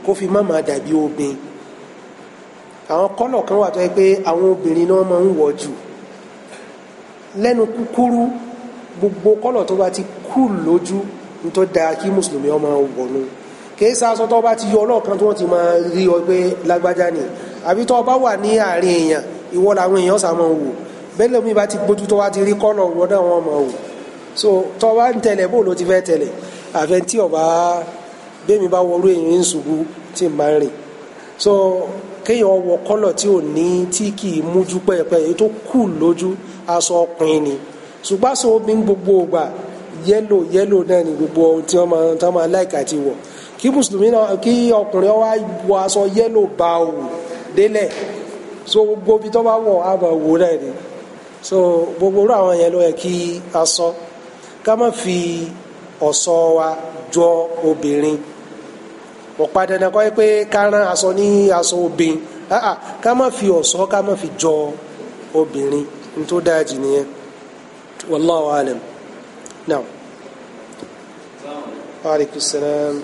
kó fi má máa dàbí obìnrin àwọn kọ́lọ̀ kan wà tó yẹ pé àwọn obìnrin náà máa ń wọ̀ jù lẹ́nu kúkúrú gbogbo kọ́lọ̀ tó bá ti kú lójú tó dáa kí mùsùlùmí ọmọ wọ̀nú kìí sáàsọ tó bá ti yọ ọlọ́ọ̀kan tí wọ́n ti máa rí ọ pé lágbájá ni àbí tó bá wà ní àárín èèyàn ìwọ làwọn èèyàn sá máa wò bẹ́ẹ̀ lómi bá ti gbójú tó wá ti rí kọ́lọ̀ wọn máa wò so tó bá ń tẹ̀lẹ̀ bó ló ti fẹ́ tẹ̀lẹ̀ àfẹ́ntì ọ̀bá bẹ́ẹ̀ mi bá wọlé èèyàn ń ṣubú tí n bá ń rìn so kéèyàn wọ kọ́lọ̀ tí ò ní tí kì í mújú pẹ́ẹ́pẹ́ èyí tó kù lójú aṣọ ọkùnrin ni ṣùgbọ́n aṣọ obìnrin gbogbo ògbà yẹ́lò yẹ́lò náà ni gbogbo ohun tí wọ́n máa tán máa láìka ti wọ̀ kí mùsùlùmí náà kí ọkùnrin wa wọ aṣọ yẹ́lò bá òwò délẹ̀ so gbogbo ibi tó bá wọ̀ á máa wò náà ni so gbogbo irú àwọn yẹn ló yẹ kí a ká má fi ọ̀ṣọ́ wa jọ obìnrin. kò pa dandan kọ́ pé ká rán aṣọ ní aṣọ obìnrin ká má fi ọ̀ṣọ́ ká má fi jọ obìnrin ní tó dáa jù nìyẹn wallahu alam now. Wa alaikum salaam.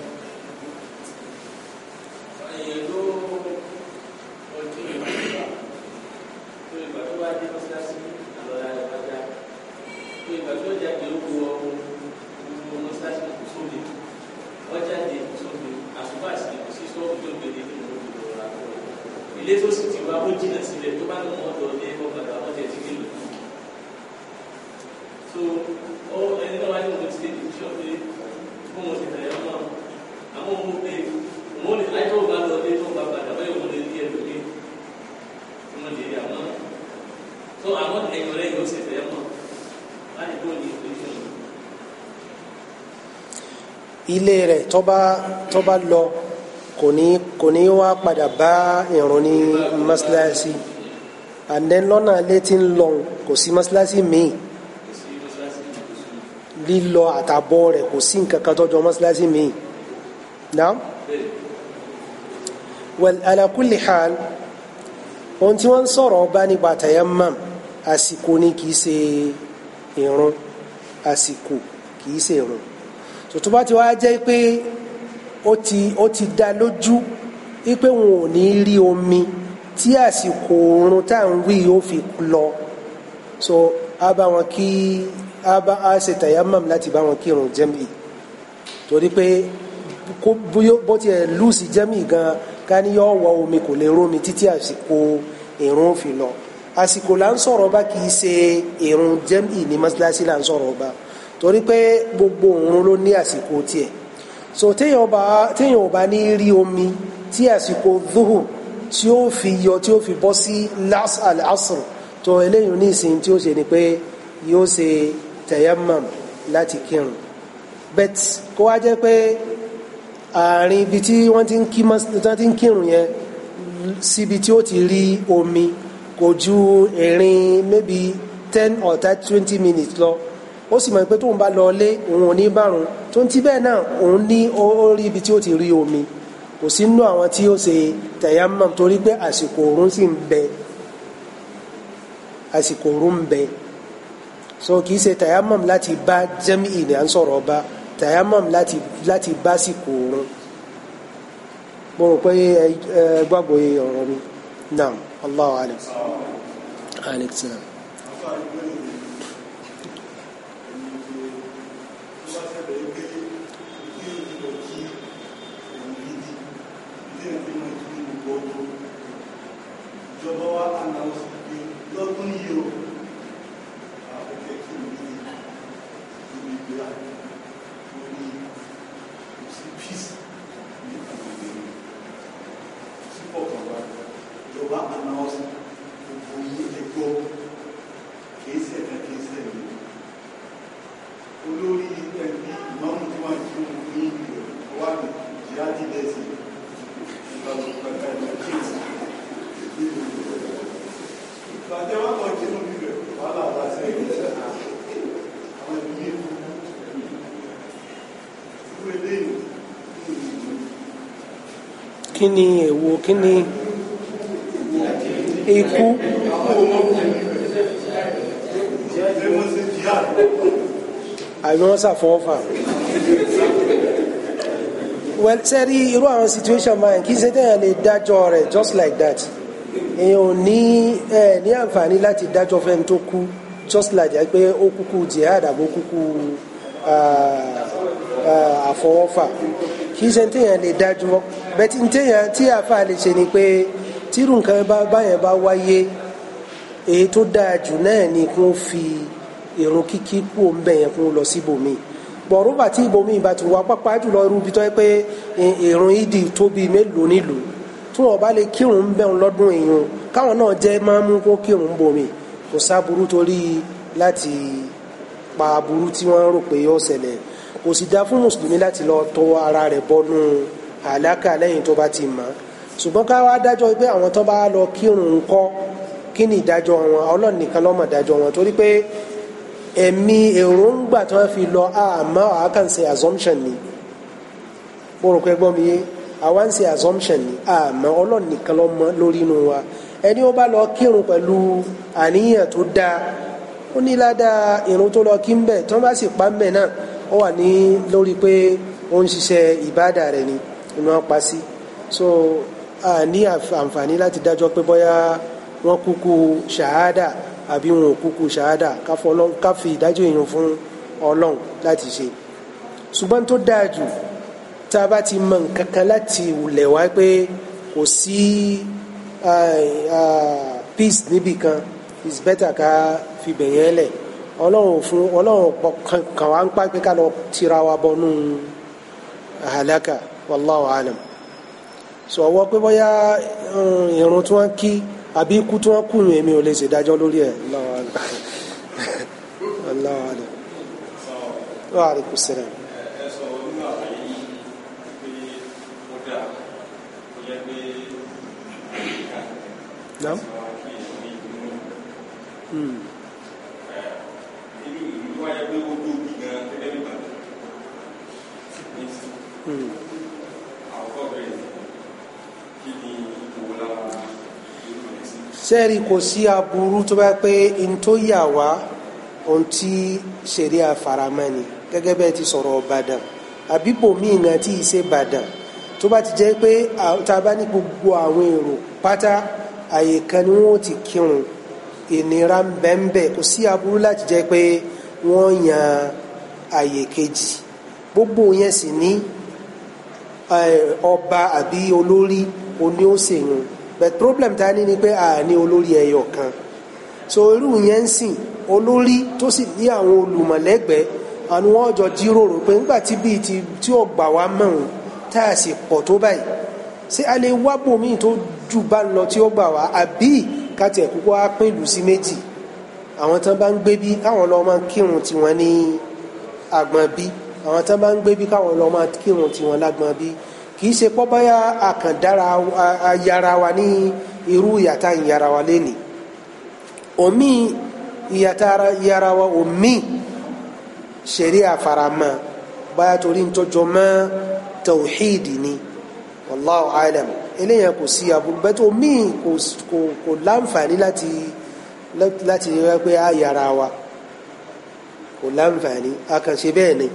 ilé rẹ̀ tó bá tó bá lọ kò ní kò ní wá padà bá ìrun ní mọ́sálásí and then lọ́nà létí ń lọ kò sí mọ́sálásí míì lílọ àtàbọ̀ rẹ̀ kò sí nǹkan kan tó jọ míì naam well ala kulli hal ohun tí wọ́n ń sọ̀rọ̀ bá nípa tayammam àsìkò ni kì í ṣe ìrun àsìkò kì í ṣe ìrun tòtò bá ti wá jẹ́ pé ó ti ó ti dá lójú wípé wọn ò ní rí omi tí àsìkò oorun tá à ń wí yóò fi lọ so á bá wọn kí á bá á ṣe tàyámàm láti bá wọn kírun jẹ́mi torí pé kó bó tiẹ̀ lùsì jẹ́mi gan ká ní yọ wọ omi kò lè rómi títí àsìkò ìrun fi lọ àsìkò là ń sọ̀rọ̀ bá kì í ṣe ìrun jẹ́mi ní mọ́sálásí là ń sọ̀rọ̀ bá torí pé gbogbo òun ló ní àsìkò tiẹ̀ so téèyàn ò bá ní rí omi tí àsìkò dhuhu tí ó fi yọ tí ó fi bọ́ sí last al asr tó eléyìí ní ìsìn tí ó ṣe ni pé yóò ṣe tayammum láti kírun bet kó wá jẹ́ pé àárín ibi tí wọ́n ti ń kírun yẹn síbi tí ó ti rí omi kò ju ìrìn maybe ten or twenty minutes lọ ó sì mọ̀ pé tóun bá lọ lé òun ò ní bárun tó ń ti bẹ́ẹ̀ náà òun ní ó rí ibi tí ó ti rí omi kò sí nínú àwọn tí ó ṣe tayammum torí pé àsìkò òórùn sì ń bẹ àsìkò òórùn ń bẹ so kì í ṣe tayammum láti bá jẹ́mìí ní à ń sọ̀rọ̀ ọba tayammum láti láti bá àsìkò òórùn mo rò pé ẹ gbàgbọ́ ọ̀rọ̀ mi naam Allahu alim alex naam. kíni èwo kíni ikú àbí wọ́n ṣàfọwọ́fà well sẹ́rí irú àwọn situation báyìí kì í ṣe téèyàn lè dájọ́ rẹ̀ just like that èèyàn ò ní ẹ ní àǹfààní láti dájọ́ fẹ́ni tó kú just like that pé ó kúkú jihad àbó kúkú ah, ah, àfọwọ́fà kì í ṣe téèyàn lè dájọ́ bẹ́tí ní téèyàn tí àáfàá lè ṣe ni pé tírù nǹkan báyẹn bá wáyé èyí tó dáa jù náà ni kó fi ìrun kíkí kú òun bẹ̀yẹn kó lọ síbòmíì bọ̀rọ̀bà tí ibòmíì bá ti wá pápá jùlọ irú ibi tó yẹ pé ìrun ìdì tóbi mélòó nílùú tí wọn bá lè kírun ń bẹ̀rùn lọ́dún èèyàn káwọn náà jẹ́ máa mú kó kírun bomi kò sáburú torí láti pa aburú tí wọ́n rò pé yóò ṣẹlẹ̀ kò sì dá fún mùsùlùmí láti lọ tọ ara rẹ̀ bọ́nú àlákà lẹ́yìn tó bá ti mọ̀ ṣùgbọ́n ká wá dájọ́ pé àwọn tó bá lọ kírun ńkọ́ kí ni ìdájọ́ wọn ọlọ́run nìkan ló mọ̀ ìdájọ́ wọn torí pé ẹ̀mí èròǹgbà tí wọ́n fi lọ àmọ́ àákànṣe assumption ni mo rò pé gbọ́ mi yé àwa ń ṣe assumption ni àmọ́ ọlọ́run nìkan ló lórí inú wa ẹni ó bá lọ kírun pẹ̀lú àníyàn tó dáa ó ní ládàá irun tó lọ kí ń bẹ̀ tí bá sì pa ń bẹ̀ náà ó wà ní lórí pé ó ń ṣiṣẹ́ ìbádà rẹ̀ ni ni wọ́n pa sí so a ní àǹfààní láti dájọ́ pé bóyá wọ́n kúkú ṣàhádà àbí wọn ò kúkú ṣàhádà ká fi ìdájọ́ èèyàn fún ọlọ́run láti ṣe ṣùgbọ́n tó dáa jù tá a bá ti mọ nǹkan kan láti wulẹ̀ wá pé kò sí peace níbì kan is better ká fi bẹ̀yẹn lẹ̀ ọlọ́run fún ọlọ́run kan wá ń pa pé ká lọ tira wa bọnú àhàlákà. Uh, wallahu alam so ọwọ́ pé bóyá um, ìrun tí wọ́n kí àbí ikú tí wọ́n kú yẹn èmi ò lè ṣèdájọ́ lórí ẹ̀ wallahu alam [LAUGHS] wallahu alam wa alaikum Hmm. Hmm. sẹ́ẹ̀rì kò sí aburú tó bá pé n tó yà wá ohun tí ṣẹ̀ríà faramọ́ ni gẹ́gẹ́ bẹ́ẹ̀ ti sọ̀rọ̀ Ìbàdàn àbíbò míì náà tí ìṣe Ìbàdàn tó bá ti jẹ́ pé tá bá ní gbogbo àwọn èrò pátá àyè kan ni wọ́n ti kírun ìnira ń bẹ ń bẹ kò sí aburú láti jẹ́ pé wọ́n yan àyè kejì gbogbo yẹn sì ní ọba àbí olórí o ní ó sì yun but problem ta ni ni pé a ní olórí ẹyọ kan so irú yẹn ń sìn olórí tó sì ní àwọn olùmọ̀lẹ́gbẹ̀ẹ́ àwọn wọn jọ jíròrò pé nígbà tí bíi ti tí ó gbà wá mọ̀ọ́n tá a sì pọ̀ tó báyìí ṣé a lè wá bòmíì tó jù bá ń lọ tí ó gbà wá àbí káti ẹ̀ kúkú á pín ìlú sí méjì àwọn tán bá ń gbé bí káwọn lọ máa kírun tiwọn ní agbọn bí àwọn tán bá ń gbé bí káwọn lọ máa kírun tiwọn lágbọn bí kì í ṣe pọ́báyà àkàndára ayára wa ní irú ìyàtà ìyàrá wa lẹ́ni omi ìyàtà ìyàrá wa omi ṣẹ̀rí àfaramọ́ báyà torí ń tọ́jọ́ mọ́ tawhidi ni wallahu alam eléyàn kò sí aburú bẹ́ẹ̀ tó mí kò láǹfààní láti láti rẹ pé a yàrá wa kò láǹfààní a kàn ṣe bẹ́ẹ̀ ni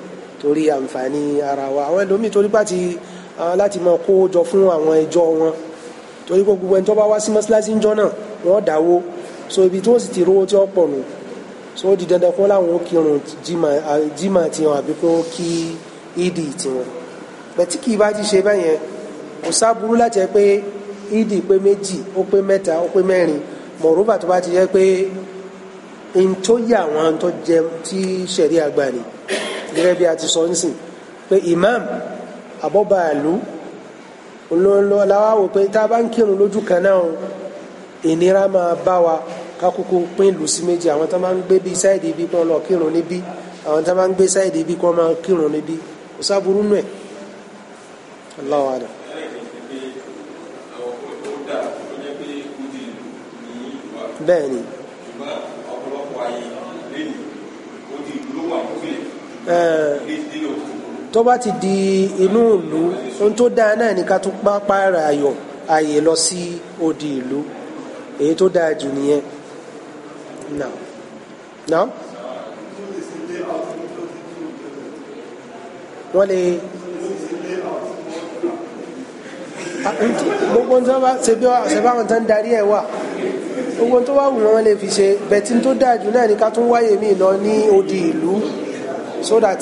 torí àǹfààní ara wa àwọn ẹlòmíì torí bá ti láti máa kó jọ fún àwọn ìjọ wọn torí pé gbogbo ẹni tó bá wá sí mọ́ṣáláṣí ńjọ́ náà wọ́n dáwó so ibi tí wọ́n sì ti rówó tí wọ́n pọ̀ nù so ó di dandan kó láwọn ó kírun jimá tiwọn àbí kó kí ìdí tiwọn bẹ̀tí kì í bá ti ṣe báyẹn kò sáburú láti ẹ pé ìdí pé méjì ó pé mẹ́ta ó pé mẹ́rin mọ̀rúbà tó bá ti jẹ́ pé n tó yà wọ́n tó jẹ tí sẹ̀rí àgbà ni gẹ́gẹ́ bí a ti sọ nísìn pé imam àbọ̀bàálù láwa wò pé tá a bá ń kírun lójú kan náà ìnira máa bá wa kákókó pín ìlú sí méjì àwọn tó máa ń gbé bí sáìdì ibi kan lọ kírun níbí àwọn tó máa ń gbé sáìdì ibi kan máa kírun níbí kò sáburú nù ẹ̀ Allahu a'lam. bẹ́ẹ̀ ni. ọ̀pọ̀lọpọ̀ ayé lẹ́nu odi ló wà nílẹ̀ tó bá ti di inú ìlú ohun tó dáa náà ni ká tún pa pààrà ayọ̀ ààyè lọ sí odi ìlú èyí tó dáa jù nìyẹn now now wọ́n lè ah, gbogbo tó bá ṣèbáwọn tó ń darí ẹ̀ wà gbogbo tó bá wù wọ́n lè fi ṣe bẹ̀tí tó dáa jù náà ni ká tún wáyé mi lọ ní odi ìlú so that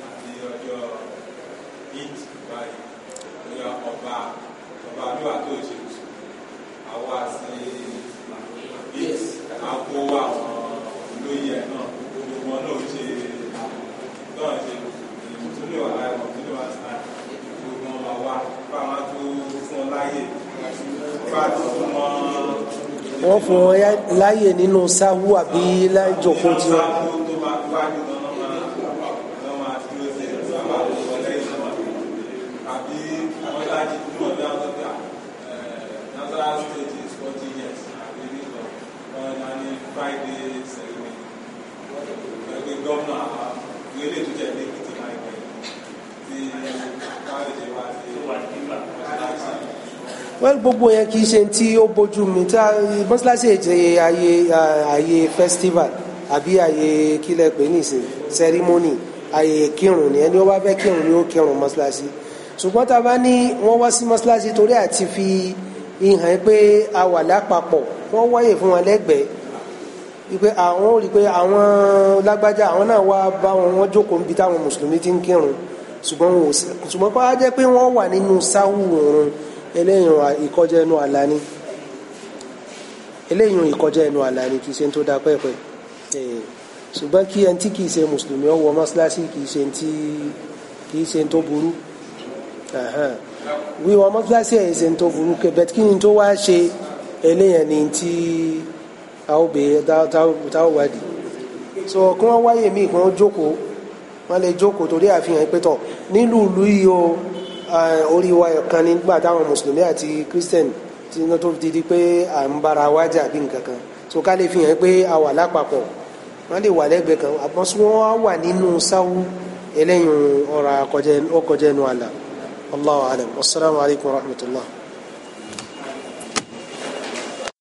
fún wọn láàyè nínú sáwù àbí láìjòkó tiwọn. well gbogbo yẹn kì í ṣe tí ó bójú mi tá mọ́ṣáláṣí ètò àyè àyè festival àbí àyè kílẹ̀ pé nìsín ceremony àyè kírun ni ẹni ó bá fẹ́ kírun ni ó kírun mọ́ṣáláṣí ṣùgbọ́n tá a bá ní wọ́n wá sí mọ́ṣáláṣí torí àti fi ìhàn pé a wà lápapọ̀ wọ́n wáyè fún wọn lẹ́gbẹ̀ẹ́ wípé àwọn ò rí pé àwọn lágbájá àwọn náà wá bá wọn wọn jókòó níbi táwọn mùsùlùmí ti ń kírun ṣùgbọ́n wọn ò ṣùgbọ́n pé á jẹ́ pé wọ́n wà nínú sáwù òun eléyìn ìkọjá ẹnu àlá ni eléyìn ìkọjá ẹnu àlá ni kìí ṣe tó dá pẹ́pẹ́ ṣùgbọ́n kí ẹni tí kìí ṣe mùsùlùmí ó wọ mọ́ṣáláṣí kìí ṣe tí kìí ṣe tó burú wíwọ mọ́ṣáláṣí ẹ̀yìn ṣe tó burú kẹbẹt kí ni tó wá ṣe eléyìn ni tí a ó bèè táwọn so kí wọ́n wáyé míì kí wọ́n jókòó wọ́n lè jókòó torí àfihàn pé nílùú ìlú yìí o. Uh, orí wa kan nígbà táwọn mùsùlùmí àti christian tí wọ́n tó fi di pé à ń bára wa jà bí nǹkan kan so ká lè fi hàn pé a wà lápapọ̀ wọ́n lè wà lẹ́gbẹ̀ẹ́ kan àmọ́ sí wọ́n wà nínú sáwú eléyìí ọ̀rọ̀ ọkọ̀jẹ́ ẹnu àlà Allahu alam wasalaamu alaykum wa rahmatulah.